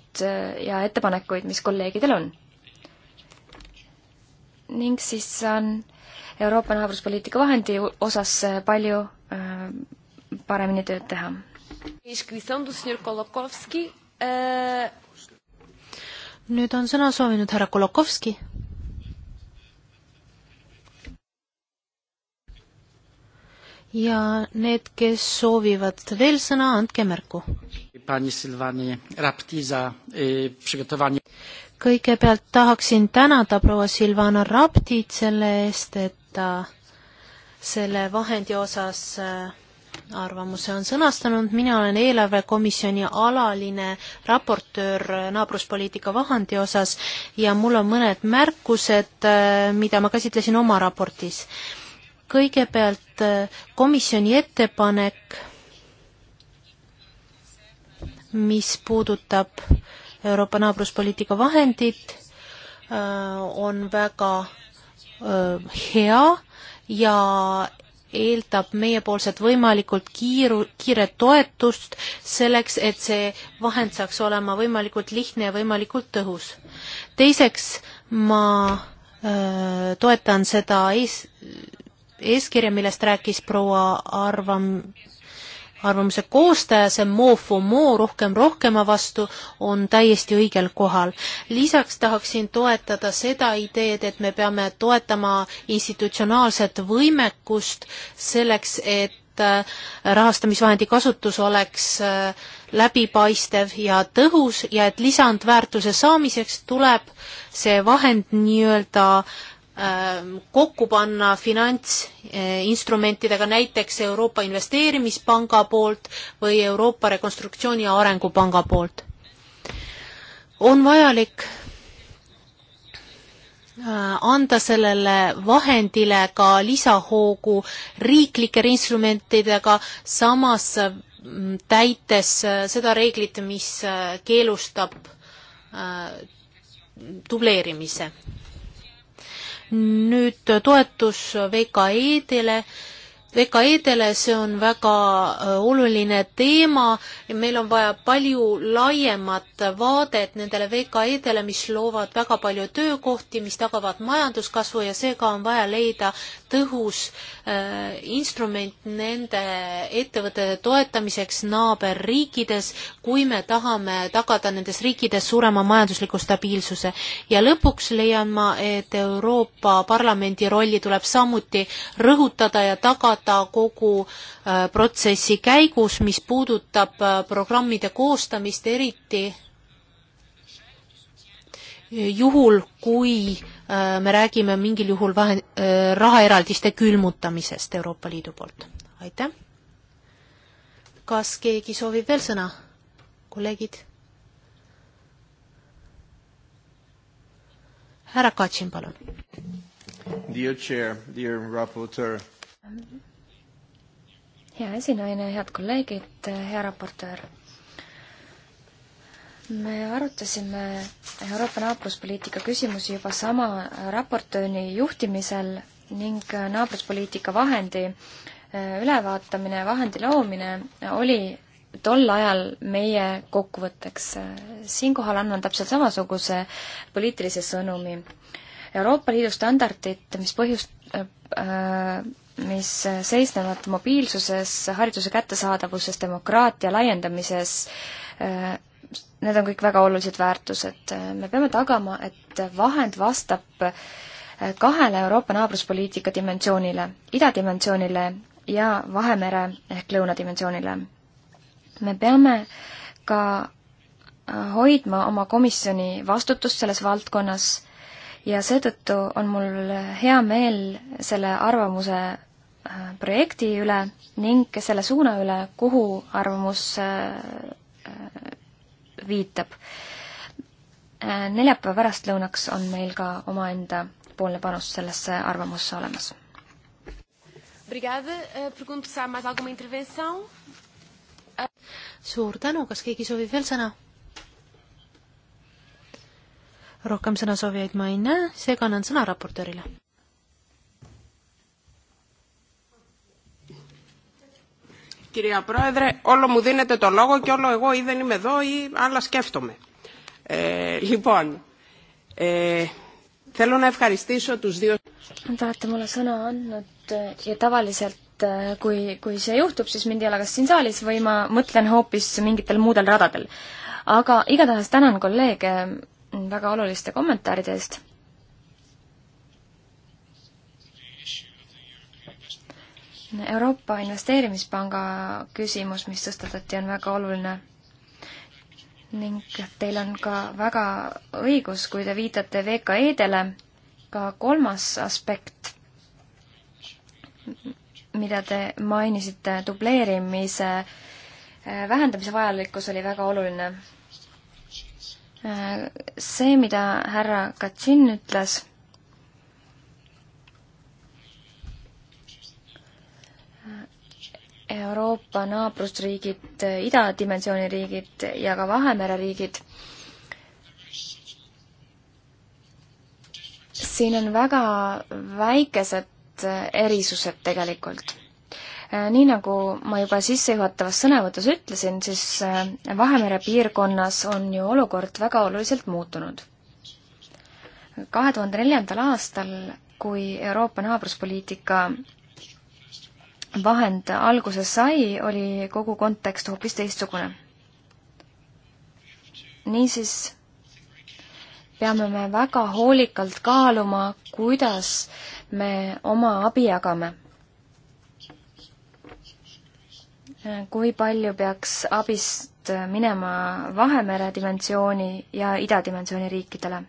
ja ettepanekuid, mis kolleegidel on ning siis on Euroopa naabruspoliitika vahendi osas äh, palju äh, paremini tööd teha. Äh, nüüd on sõna soovinud härra Kolokovski. ja need, kes soovivad veel sõna, andke märku kõigepealt tahaksin tänada proua Silvana Raptit selle eest, et ta selle vahendi osas äh, arvamuse on sõnastanud, mina olen eelarvekomisjoni alaline raportöör naabruspoliitika vahendi osas ja mul on mõned märkused, äh, mida ma käsitlesin oma raportis. kõigepealt äh, komisjoni ettepanek, mis puudutab äh, Euroopa naabruspoliitika vahendid äh, on väga äh, hea ja eeldab meiepoolset võimalikult kiiru, kiiret toetust selleks, et see vahend saaks olema võimalikult lihtne ja võimalikult tõhus. teiseks, ma öö, äh, toetan seda ees, eeskirja, millest rääkis proua Arvam, arvamuse koostaja, see more for more, rohkem rohkema vastu, on täiesti õigel kohal. lisaks tahaksin toetada seda ideed, et me peame toetama institutsionaalset võimekust selleks, et äh, rahastamisvahendi kasutus oleks äh, läbipaistev ja tõhus ja et lisandväärtuse saamiseks tuleb see vahend nii-öelda Ähm, kokku panna finantsinstrumentidega, näiteks Euroopa Investeerimispanga poolt või Euroopa Rekonstruktsiooni ja Arengupanga poolt. on vajalik äh, anda sellele vahendile ka lisahoogu riiklike instrumentidega, samas mm, täites äh, seda reeglit, mis äh, keelustab dubleerimise nüüd toetus VKI-dele VKE-dele, see on väga äh, oluline teema ja meil on vaja palju laiemat vaadet nendele VKE-dele, mis loovad väga palju töökohti, mis tagavad majanduskasvu ja seega on vaja leida tõhus äh, instrument nende ettevõtete toetamiseks naaberriikides, kui me tahame tagada nendes riikides suurema majandusliku stabiilsuse. ja lõpuks leian ma, et Euroopa Parlamendi rolli tuleb samuti rõhutada ja tagada, kaasata kogu äh, protsessi käigus, mis puudutab äh, programmide koostamist, eriti juhul, kui äh, me räägime mingil juhul vahe, rahaeraldiste külmutamisest Euroopa Liidu poolt. aitäh! kas keegi soovib veel sõna? kolleegid? härra Katsin, palun. Dear chair, dear raportöör hea esinaine, head kolleegid, hea raportöör. me arutasime Euroopa naabruspoliitika küsimusi juba sama raportööni juhtimisel ning naabruspoliitika vahendi äh, ülevaatamine, vahendi loomine oli tol ajal meie kokkuvõtteks. siinkohal annan täpselt samasuguse poliitilise sõnumi. Euroopa Liidu standardid, mis põhjust äh, äh mis seisnevad mobiilsuses, hariduse kättesaadavuses, demokraatia laiendamises, need on kõik väga olulised väärtused. me peame tagama, et vahend vastab kahele Euroopa naabruspoliitika dimensioonile, idadimensioonile ja Vahemere ehk lõunadimensioonile. me peame ka hoidma oma komisjoni vastutust selles valdkonnas ja seetõttu on mul hea meel selle arvamuse projekti üle ning selle suuna üle, kuhu arvamus äh, viitab. Äh, neljapäeva pärastlõunaks on meil ka omaenda poolne panus sellesse arvamusse olemas. Eh, suur tänu, kas keegi soovib veel sõna? rohkem sõnasoovijaid ma ei näe, seega annan sõna raportöörile. κυρία Πρόεδρε. Όλο μου δίνετε το λόγο και όλο εγώ ή δεν είμαι εδώ ή άλλα σκέφτομαι. Ε, λοιπόν, ε, θέλω να ευχαριστήσω τους δύο. Te olete mulle sõna andnud eh, ja tavaliselt eh, kui, kui see juhtub, siis mind ei ole kas siin saalis või ma mõtlen hoopis mingitel muudel radadel. aga igatahes tänan kolleege mm, väga oluliste kommentaaride eest Euroopa Investeerimispanga küsimus, mis tõstatati, on väga oluline. ning teil on ka väga õigus, kui te viitate VKE-dele, ka kolmas aspekt, mida te mainisite, dubleerimise äh, vähendamise vajalikkus oli väga oluline. Äh, see, mida härra Katsin ütles Euroopa naabrusriigid, idadimensiooni riigid ja ka Vahemere riigid. siin on väga väikesed erisused tegelikult. Äh, nii nagu ma juba sissejuhatavas sõnavõtus ütlesin, siis äh, Vahemere piirkonnas on ju olukord väga oluliselt muutunud. kahe tuhande neljandal aastal, kui Euroopa naabruspoliitika vahend alguse sai, oli kogu kontekst hoopis teistsugune. niisiis peame me väga hoolikalt kaaluma, kuidas me oma abi jagame. kui palju peaks abist minema Vahemere dimensiooni ja idadimensiooni riikidele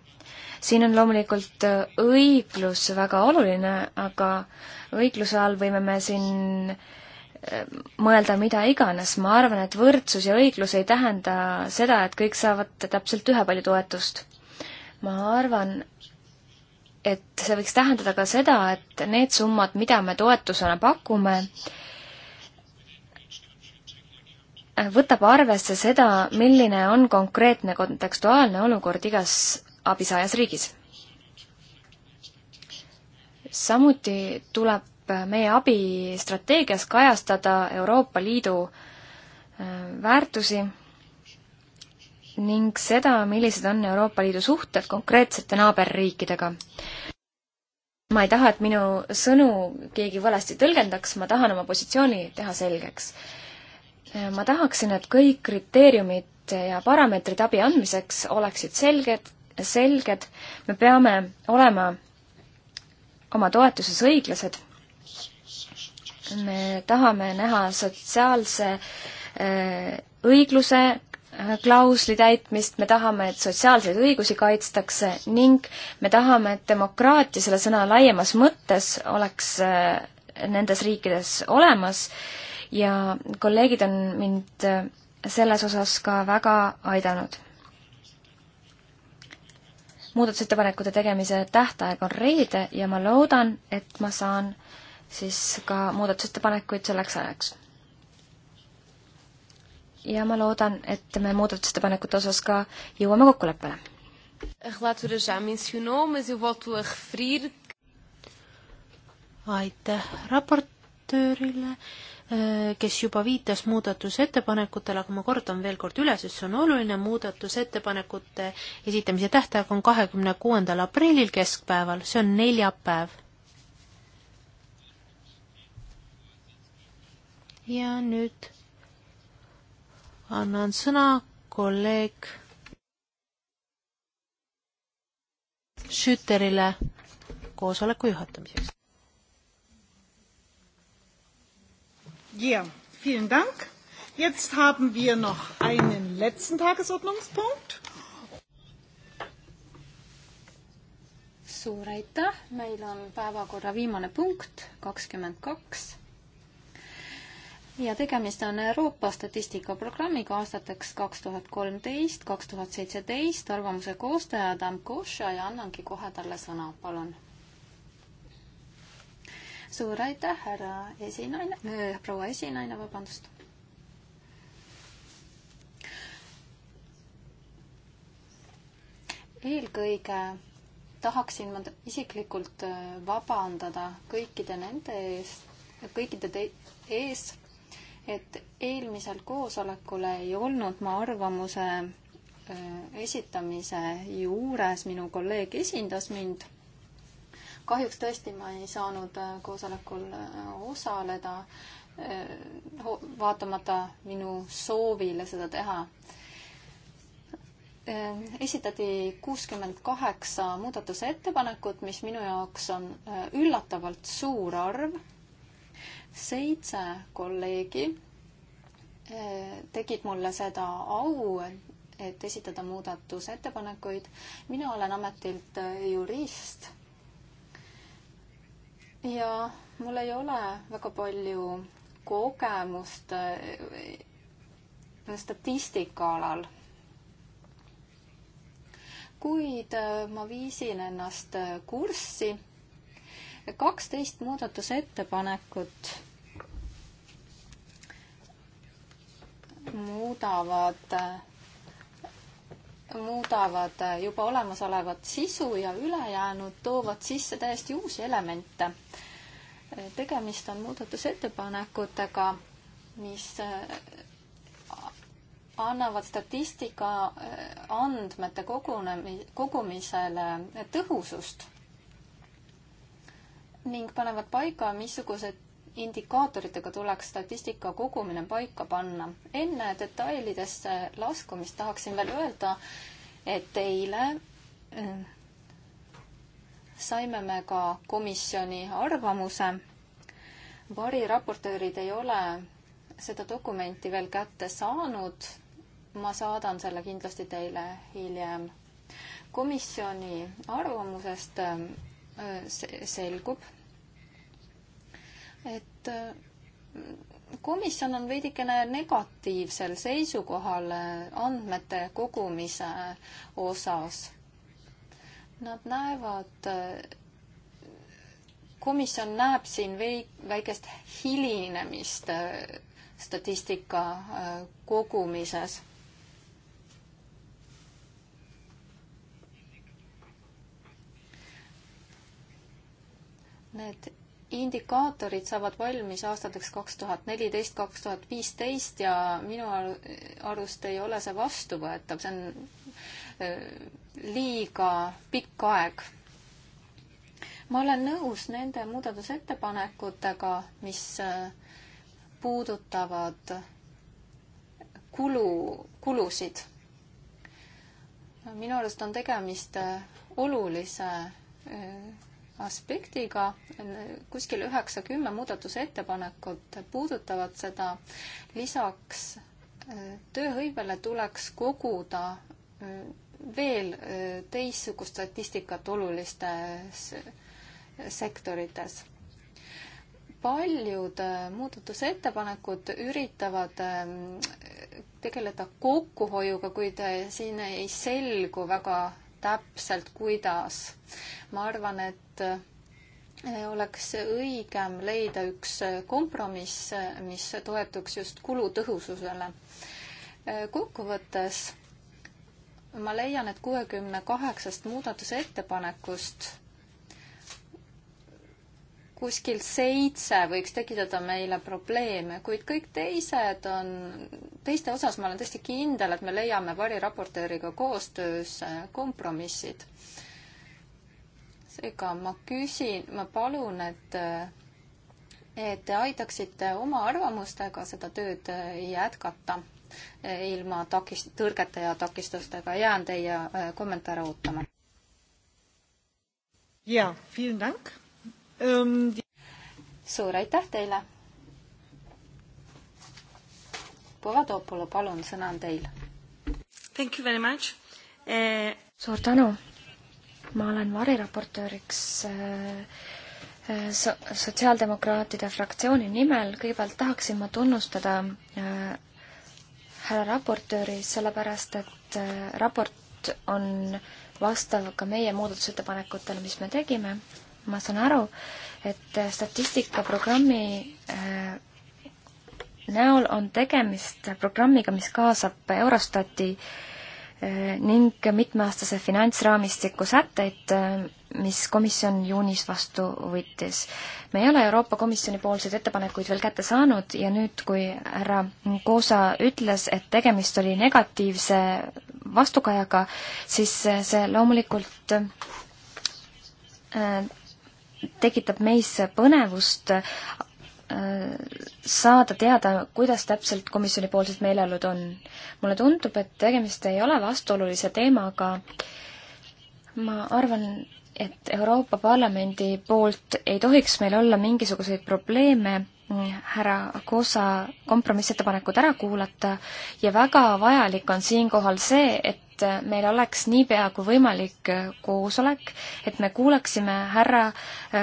siin on loomulikult äh, õiglus väga oluline, aga õigluse all võime me siin äh, mõelda mida iganes, ma arvan, et võrdsus ja õiglus ei tähenda seda, et kõik saavad täpselt ühepalju toetust. ma arvan, et see võiks tähendada ka seda, et need summad, mida me toetusena pakume, võtab arvesse seda, milline on konkreetne kontekstuaalne olukord igas abisaajas riigis. samuti tuleb meie abistrateegias kajastada Euroopa Liidu äh, väärtusi ning seda, millised on Euroopa Liidu suhted konkreetsete naaberriikidega. ma ei taha, et minu sõnu keegi valesti tõlgendaks, ma tahan oma positsiooni teha selgeks. Äh, ma tahaksin, et kõik kriteeriumid ja parameetrid abi andmiseks oleksid selged, selged, me peame olema oma toetuses õiglased. me tahame näha sotsiaalse äh, õigluse äh, klausli täitmist, me tahame, et sotsiaalseid õigusi kaitstakse ning me tahame, et demokraatia selle sõna laiemas mõttes oleks äh, nendes riikides olemas ja kolleegid on mind selles osas ka väga aidanud muudatusettepanekute tegemise tähtaeg on reede ja ma loodan, et ma saan siis ka muudatusettepanekuid selleks ajaks. ja ma loodan, et me muudatusettepanekute osas ka jõuame kokkuleppele. aitäh raportöörile Äh, kes juba viitas muudatusettepanekutele, aga ma kordan veel kord üle, sest see on oluline, muudatusettepanekute esitamise tähtaeg on kahekümne kuuendal aprillil keskpäeval, see on neljapäev. ja nüüd annan sõna kolleeg Schütterile koosoleku juhatamiseks. Ja, vielen Dank. Jetzt haben wir noch einen letzten Tagesordnungspunkt. suur aitäh, meil on päevakorra viimane punkt, kakskümmend kaks. ja tegemist on Euroopa statistikaprogrammiga aastateks kaks tuhat kolmteist, kaks tuhat seitseteist, arvamuse koostaja Adam Koša ja annangi kohe talle sõna, palun suur aitäh, härra esinaine äh,, proua esinaine, vabandust eelkõige tahaksin ma isiklikult äh, vabandada kõikide nende ees, kõikide te ees, et eelmisel koosolekul ei olnud ma arvamuse äh, esitamise juures, minu kolleeg esindas mind kahjuks tõesti ma ei saanud äh, koosolekul äh, osaleda, äh, vaatamata minu soovile seda teha. esitati kuuskümmend kaheksa muudatusettepanekut, mis minu jaoks on üllatavalt suur arv. seitse kolleegi tegid mulle seda au, et esitada muudatusettepanekuid. mina olen ametilt jurist ja mul ei ole väga palju kogemust äh, statistika alal. kuid äh, ma viisin ennast äh, kurssi. kaksteist muudatusettepanekut muudavad muudavad juba olemasolevat sisu ja ülejäänud toovad sisse täiesti uusi elemente. tegemist on muudatusettepanekutega, mis äh, annavad statistika äh, andmete kogunemi-, kogumisele tõhusust ning panevad paika, missugused indikaatoritega tuleks statistika kogumine paika panna. enne detailidesse laskumist tahaksin veel öelda, et eile äh, saime me ka komisjoni arvamuse. variraportöörid ei ole seda dokumenti veel kätte saanud. ma saadan selle kindlasti teile hiljem. komisjoni arvamusest äh, selgub, et äh, komisjon on veidikene negatiivsel seisukohal äh, andmete kogumise äh, osas. Nad näevad, komisjon näeb siin väikest hilinemist statistika kogumises need indikaatorid saavad valmis aastateks kaks tuhat neliteist, kaks tuhat viisteist ja minu arust ei ole see vastuvõetav, see on äh, liiga pikk aeg. ma olen nõus nende muudatusettepanekutega, mis äh, puudutavad kulu, kulusid. minu arust on tegemist äh, olulise aspektiga. kuskil üheksa-kümme muudatusettepanekut puudutavad seda. lisaks äh, tööhõivele tuleks koguda äh, veel äh, teistsugust statistikat olulistes sektorites paljud muudatusettepanekud üritavad ähm, tegeleda kokkuhoiuga, kuid siin ei selgu väga täpselt, kuidas. ma arvan, et eh, oleks õigem leida üks eh, kompromiss, eh, mis toetuks just kulutõhususele. kokkuvõttes ma leian, et kuuekümne kaheksast muudatusettepanekust kuskil seitse võiks tekitada meile probleeme, kuid kõik teised on, teiste osas ma olen tõesti kindel, et me leiame variraportööriga koostöös äh, kompromissid. seega ma küsin, ma palun, et äh, et te aitaksite oma arvamustega seda tööd äh, jätkata ilma takist-, tõrgete ja takistustega. jään teie kommentaare ootama. jaa, vielen dank Ehm, suur aitäh teile! Povadopolo, palun, sõna on teil. Thank you very much eh.... suur tänu. ma olen variraportööriks eh, eh so-, sotsiaaldemokraatide fraktsiooni nimel kõigepealt tahaksin ma tunnustada eh, härra raportööri, sellepärast et eh, raport on vastav ka meie muudatusettepanekutele, mis me tegime ma saan aru, et statistikaprogrammi äh, näol on tegemist programmiga, mis kaasab Eurostati äh, ning mitmeaastase finantsraamistiku sätteid, äh, mis komisjon juunis vastu võttis. me ei ole Euroopa Komisjoni poolseid ettepanekuid veel kätte saanud ja nüüd, kui härra Koosa ütles, et tegemist oli negatiivse vastukajaga, siis see loomulikult tekitab meis põnevust äh, saada teada, kuidas täpselt komisjonipoolsed meeleolud on. mulle tundub, et tegemist ei ole vastuolulise teemaga. ma arvan, et Euroopa Parlamendi poolt ei tohiks meil olla mingisuguseid probleeme mm, härra Kosa kompromissettepanekud ära kuulata ja väga vajalik on siinkohal see, et et meil oleks niipea kui võimalik koosolek, et me kuulaksime härra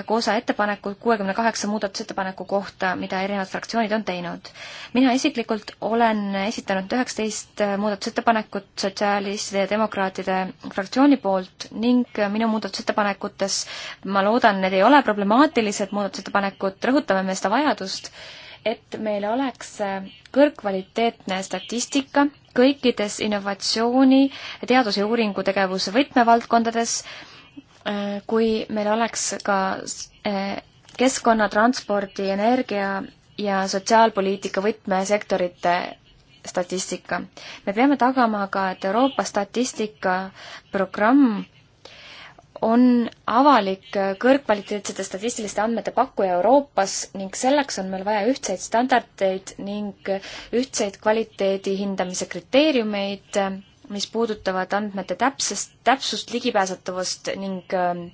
Koosa ettepanekut kuuekümne kaheksa muudatusettepaneku kohta, mida erinevad fraktsioonid on teinud. mina isiklikult olen esitanud üheksateist muudatusettepanekut sotsialistide ja demokraatide fraktsiooni poolt ning minu muudatusettepanekutes, ma loodan, need ei ole problemaatilised muudatusettepanekud, rõhutame me seda vajadust, et meil oleks kõrgkvaliteetne statistika, kõikides innovatsiooni, teadus- ja uuringutegevuse võtmevaldkondades, äh, kui meil oleks ka äh, keskkonna, transpordi, energia ja sotsiaalpoliitika võtmesektorite statistika. me peame tagama ka, et Euroopa statistikaprogramm on avalik kõrgkvaliteetsete statistiliste andmete pakkuja Euroopas ning selleks on meil vaja ühtseid standardeid ning ühtseid kvaliteedi hindamise kriteeriumeid, mis puudutavad andmete täpsest, täpsust, ligipääsetavust ning ähm,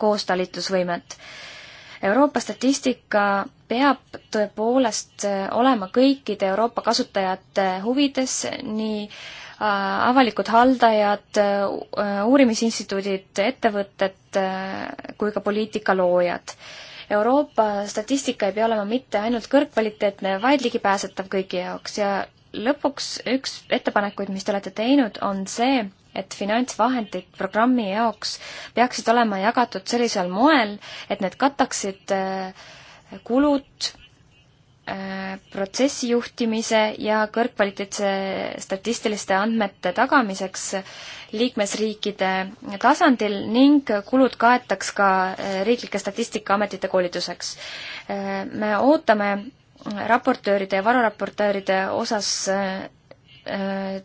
koostalitlusvõimet. Euroopa statistika peab tõepoolest äh, olema kõikide Euroopa kasutajate huvides, nii äh, Äh, avalikud haldajad, äh, uurimisinstituudid, ettevõtted äh, kui ka poliitikaloojad. Euroopa statistika ei pea olema mitte ainult kõrgkvaliteetne, vaid ligipääsetav kõigi jaoks ja lõpuks üks ettepanekuid, mis te olete teinud, on see, et finantsvahendid programmi jaoks peaksid olema jagatud sellisel moel, et need kataksid kulud protsessi juhtimise ja kõrgkvaliteetse statistiliste andmete tagamiseks liikmesriikide tasandil ning kulud kaetaks ka äh, riiklike statistikaametite koolituseks. Äh, me ootame raportööride ja vararaportööride osas äh,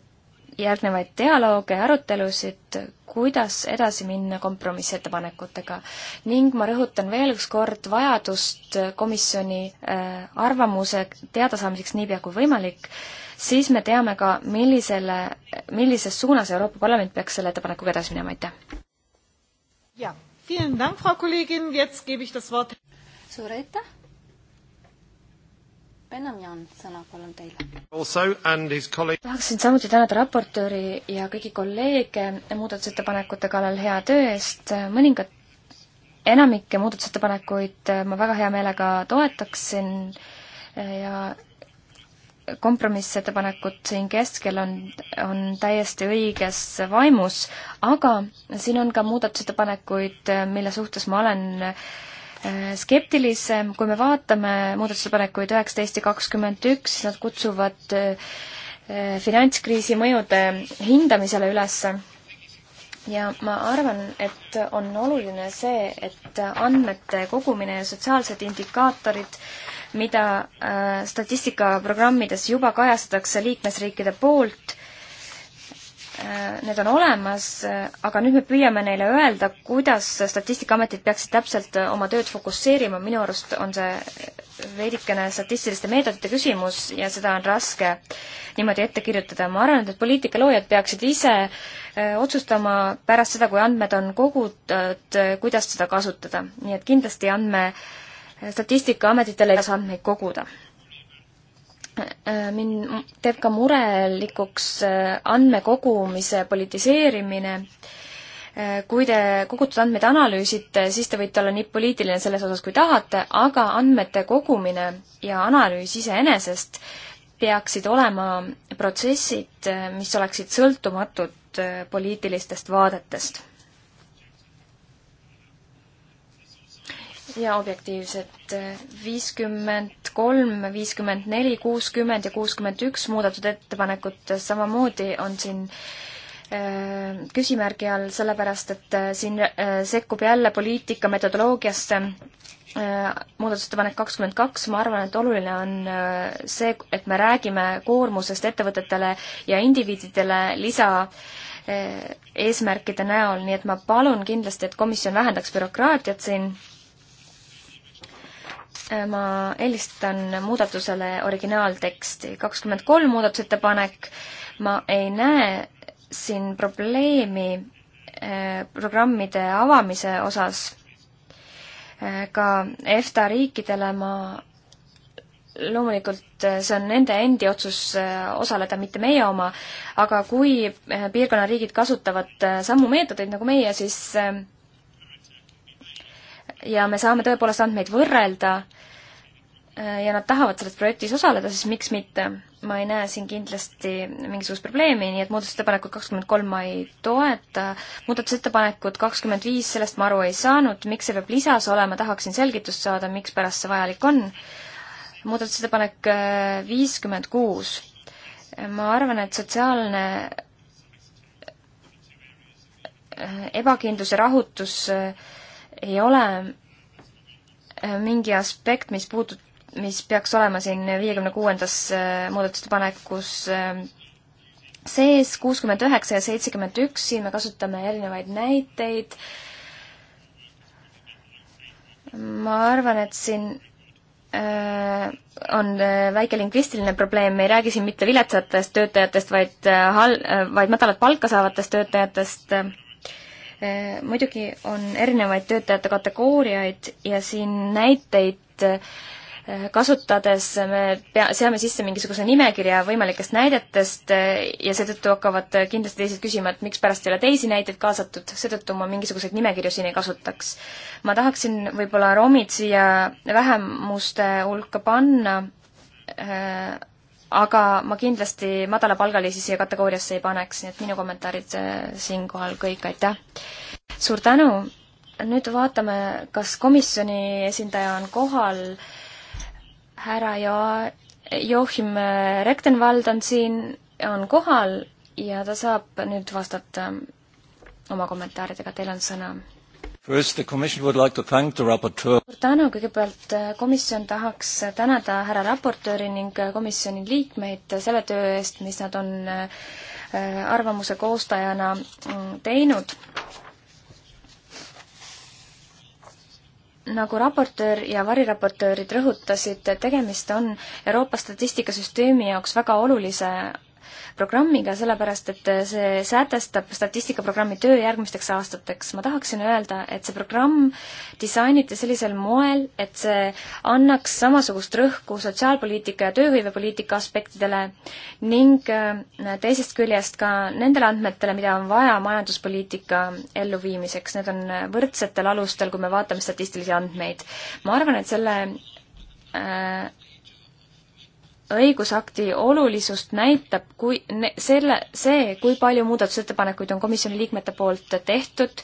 järgnevaid dialoogi ja arutelusid, kuidas edasi minna kompromissettepanekutega. ning ma rõhutan veel üks kord vajadust komisjoni äh, arvamuse teadasaamiseks niipea kui võimalik, siis me teame ka, millisele, millises suunas Euroopa Parlament peaks selle ettepanekuga edasi minema, aitäh! suur aitäh! Benham Jansson, palun teile. tahaksin samuti tänada raportööri ja kõiki kolleege muudatusettepanekute kallal hea töö eest, mõningad enamikke muudatusettepanekuid ma väga hea meelega toetaksin ja kompromissettepanekud siin keskel on, on täiesti õiges vaimus, aga siin on ka muudatusettepanekuid, mille suhtes ma olen äh, skeptilisem, kui me vaatame muudatusettepanekuid üheksateist ja kakskümmend üks, nad kutsuvad äh, äh, finantskriisi mõjude hindamisele ülesse ja ma arvan, et on oluline see, et andmete kogumine ja sotsiaalsed indikaatorid, mida äh, statistikaprogrammides juba kajastatakse liikmesriikide poolt, Äh, need on olemas, äh, aga nüüd me püüame neile öelda, kuidas Statistikaametid peaksid täpselt äh, oma tööd fokusseerima, minu arust on see veidikene statistiliste meetodite küsimus ja seda on raske niimoodi ette kirjutada. ma arvan, et poliitikaloojad peaksid ise otsustama pärast seda, kui andmed on kogutud, kuidas seda kasutada. nii et kindlasti andme, Statistikaametitele ei saa andmeid koguda Äh, mind teeb ka murelikuks äh, andmekogumise politiseerimine. Äh, kui te kogutud andmeid analüüsite, siis te võite olla nii poliitiline selles osas, kui tahate, aga andmete kogumine ja analüüs iseenesest peaksid olema protsessid, mis oleksid sõltumatud poliitilistest vaadetest ja objektiivset. Eh, viiskümmend kolm, viiskümmend neli, kuuskümmend ja kuuskümmend üks muudatud ettepanekut samamoodi on siin eh, küsimärgi all, sellepärast et eh, siin sekkub jälle poliitika metodoloogiasse. muudatusettepanek kakskümmend kaks, ma arvan, et oluline on see, et me räägime koormusest ettevõtetele ja indiviididele lisa eesmärkide näol, nii et ma palun kindlasti, et komisjon vähendaks bürokraatiat siin ma eelistan muudatusele originaalteksti. kakskümmend kolm muudatusettepanek, ma ei näe siin probleemi äh, programmide avamise osas. Äh, ka EFTA riikidele ma loomulikult äh, see on nende endi otsus osaleda, mitte meie oma, aga kui piirkonna riigid kasutavad samu meetodeid nagu meie, siis ja me saame tõepoolest andmeid võrrelda, Äh, ja nad tahavad selles projektis osaleda, siis miks mitte? ma ei näe siin kindlasti mingisugust probleemi, nii et muudatusettepanekut kakskümmend kolm ma ei toeta, muudatusettepanekut kakskümmend viis, sellest ma aru ei saanud, miks see peab lisas olema, tahaksin selgitust saada, mikspärast see vajalik on. muudatusettepanek äh, viiskümmend kuus, ma arvan, et sotsiaalne äh, ebakindlus ja rahutus ei ole mingi aspekt, mis puudutab mis peaks olema siin viiekümne kuuendas äh, muudatustepanekus äh, sees, kuuskümmend üheksa ja seitsekümmend üks, siin me kasutame erinevaid näiteid. ma arvan, et siin äh, on väike lingvistiline probleem, me ei räägi siin mitte viletsatest töötajatest, vaid hal-, vaid madalat palka saavatest töötajatest. muidugi on erinevaid töötajate kategooriaid ja siin näiteid Äh, kasutades me pea, seame sisse mingisuguse nimekirja võimalikest näidetest äh, ja seetõttu hakkavad äh, kindlasti teised küsima, et mikspärast ei ole teisi näiteid kaasatud, seetõttu ma mingisuguseid nimekirju siin ei kasutaks. ma tahaksin võib-olla romid siia vähemuste hulka panna, aga ma kindlasti madalapalgalisi siia kategooriasse ei paneks, nii et minu kommentaarid siinkohal kõik, aitäh! suur tänu! nüüd vaatame, kas komisjoni esindaja on kohal äh, härra jo-, Joachim Rechtenwald on siin, on kohal ja ta saab nüüd vastata ähm, oma kommentaaridega, teil on sõna. First, the commission would like to thank the raporteur. suur tänu, kõigepealt äh, komisjon tahaks tänada härra raportööri ning äh, komisjoni liikmeid selle töö eest, mis nad on äh, arvamuse koostajana mm, teinud nagu raportöör ja variraportöörid rõhutasid, tegemist on Euroopa statistikasüsteemi jaoks väga olulise programmiga, sellepärast et see sätestab statistikaprogrammi töö järgmisteks aastateks. ma tahaksin öelda, et see programm disainiti sellisel moel, et see annaks samasugust rõhku sotsiaalpoliitika ja tööhõivepoliitika aspektidele ning äh, teisest küljest ka nendele andmetele, mida on vaja majanduspoliitika elluviimiseks. Need on võrdsetel alustel, kui me vaatame statistilisi andmeid. ma arvan, et selle äh, õigusakti olulisust näitab, kui ne, selle, see, kui palju muudatusettepanekuid on komisjoni liikmete poolt tehtud.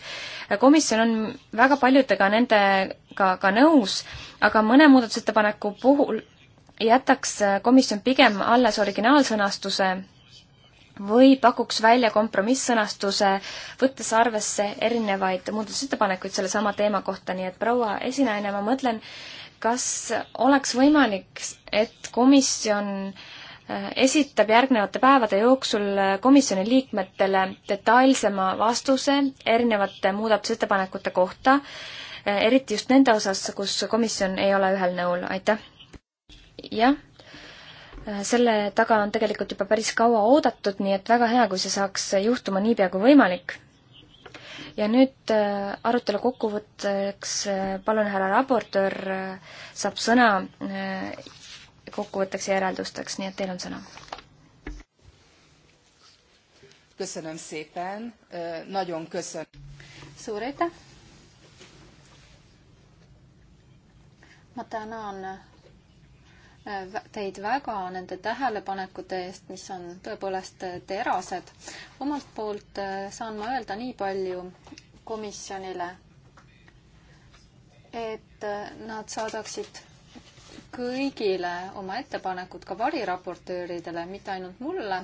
komisjon on väga paljudega nendega ka nõus, aga mõne muudatusettepaneku puhul jätaks komisjon pigem alles originaalsõnastuse või pakuks välja kompromiss-sõnastuse, võttes arvesse erinevaid muudatusettepanekuid sellesama teema kohta, nii et proua esinaine, ma mõtlen, kas oleks võimalik, et komisjon äh, esitab järgnevate päevade jooksul äh, komisjoni liikmetele detailsema vastuse erinevate muudatusettepanekute kohta, äh, eriti just nende osas, kus komisjon ei ole ühel nõul, aitäh! jah, selle taga on tegelikult juba päris kaua oodatud, nii et väga hea, kui see saaks juhtuma niipea kui võimalik ja nüüd äh, arutelu kokkuvõtteks äh, palun, härra raportöör äh, saab sõna kokkuvõtteks ja järeldusteks, nii et teil on sõna. suur aitäh! ma tänan teid väga nende tähelepanekute eest, mis on tõepoolest äh, terased. omalt poolt äh, saan ma öelda nii palju komisjonile, et äh, nad saadaksid kõigile oma ettepanekud, ka variraportööridele, mitte ainult mulle,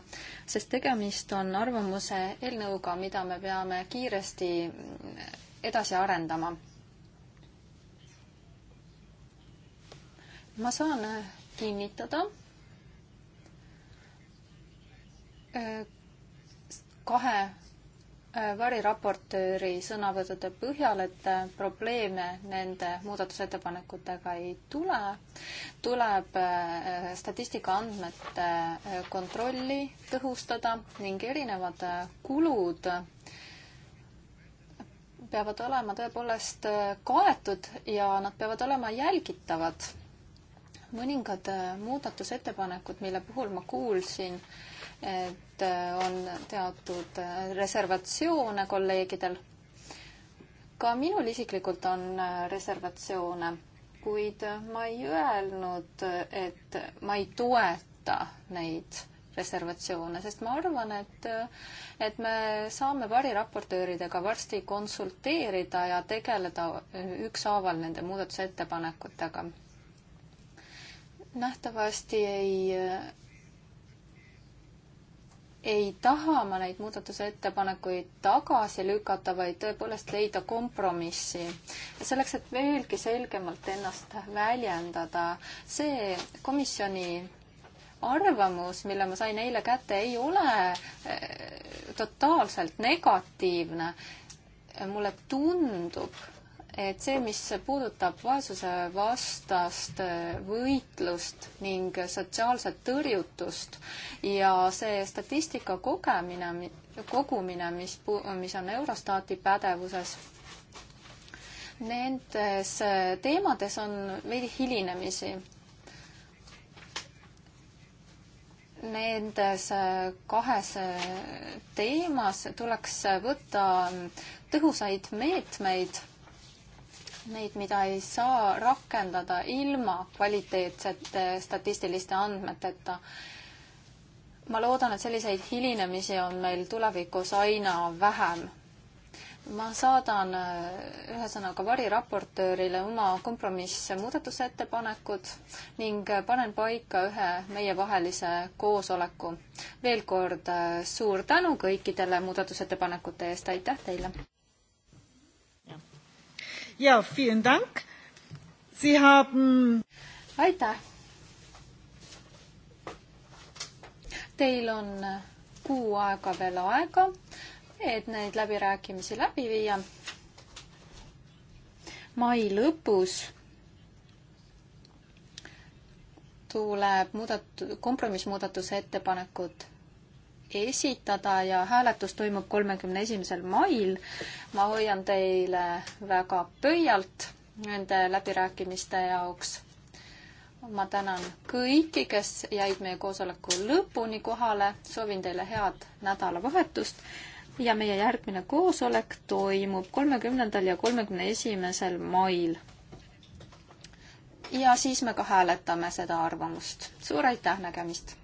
sest tegemist on arvamuse eelnõuga, mida me peame kiiresti mm, edasi arendama. ma saan kinnitada. Äh, kahe äh, variraportööri sõnavõttude põhjal, et äh, probleeme nende muudatusettepanekutega ei tule, tuleb statistikaandmete kontrolli tõhustada ning erinevad kulud peavad olema tõepoolest kaetud ja nad peavad olema jälgitavad mõningad äh, muudatusettepanekud, mille puhul ma kuulsin, et äh, on teatud äh, reservatsioone kolleegidel. ka minul isiklikult on reservatsioone, kuid ma ei öelnud, et ma ei toeta neid reservatsioone, sest ma arvan, et, et me saame variraportööridega varsti konsulteerida ja tegeleda ükshaaval nende muudatusettepanekutega nähtavasti ei, ei taha ma neid muudatusettepanekuid tagasi lükata, vaid tõepoolest leida kompromissi. selleks, et veelgi selgemalt ennast väljendada, see komisjoni arvamus, mille ma sain eile kätte, ei ole eh, totaalselt negatiivne. mulle tundub et see, mis puudutab vaesusevastast äh, võitlust ning sotsiaalset tõrjutust ja see statistika kogemine, kogumine, mis, mis on Eurostati pädevuses, nendes äh, teemades on veidi hilinemisi. Nendes äh, kahes teemas tuleks võtta tõhusaid meetmeid neid, mida ei saa rakendada ilma kvaliteetsete statistiliste andmeteta. ma loodan, et selliseid hilinemisi on meil tulevikus aina vähem. ma saadan äh, ühesõnaga variraportöörile oma kompromissmuudatusettepanekud ning äh, panen paika ühe meievahelise koosoleku. veel kord äh, suur tänu kõikidele muudatusettepanekute eest, aitäh teile! ja vielen Dank. Sie haben. aitäh. Teil on kuu aega veel aega, et neid läbirääkimisi läbi viia. mai lõpus tuleb muudat-, kompromissmuudatuse ettepanekud esitada ja hääletus toimub kolmekümne esimesel mail. ma hoian teile väga pöialt nende läbirääkimiste jaoks. ma tänan kõiki, kes jäid meie koosoleku lõpuni kohale, soovin teile head nädalavahetust ja meie järgmine koosolek toimub kolmekümnendal ja kolmekümne esimesel mail. ja siis me ka hääletame seda arvamust. suur aitäh nägemist!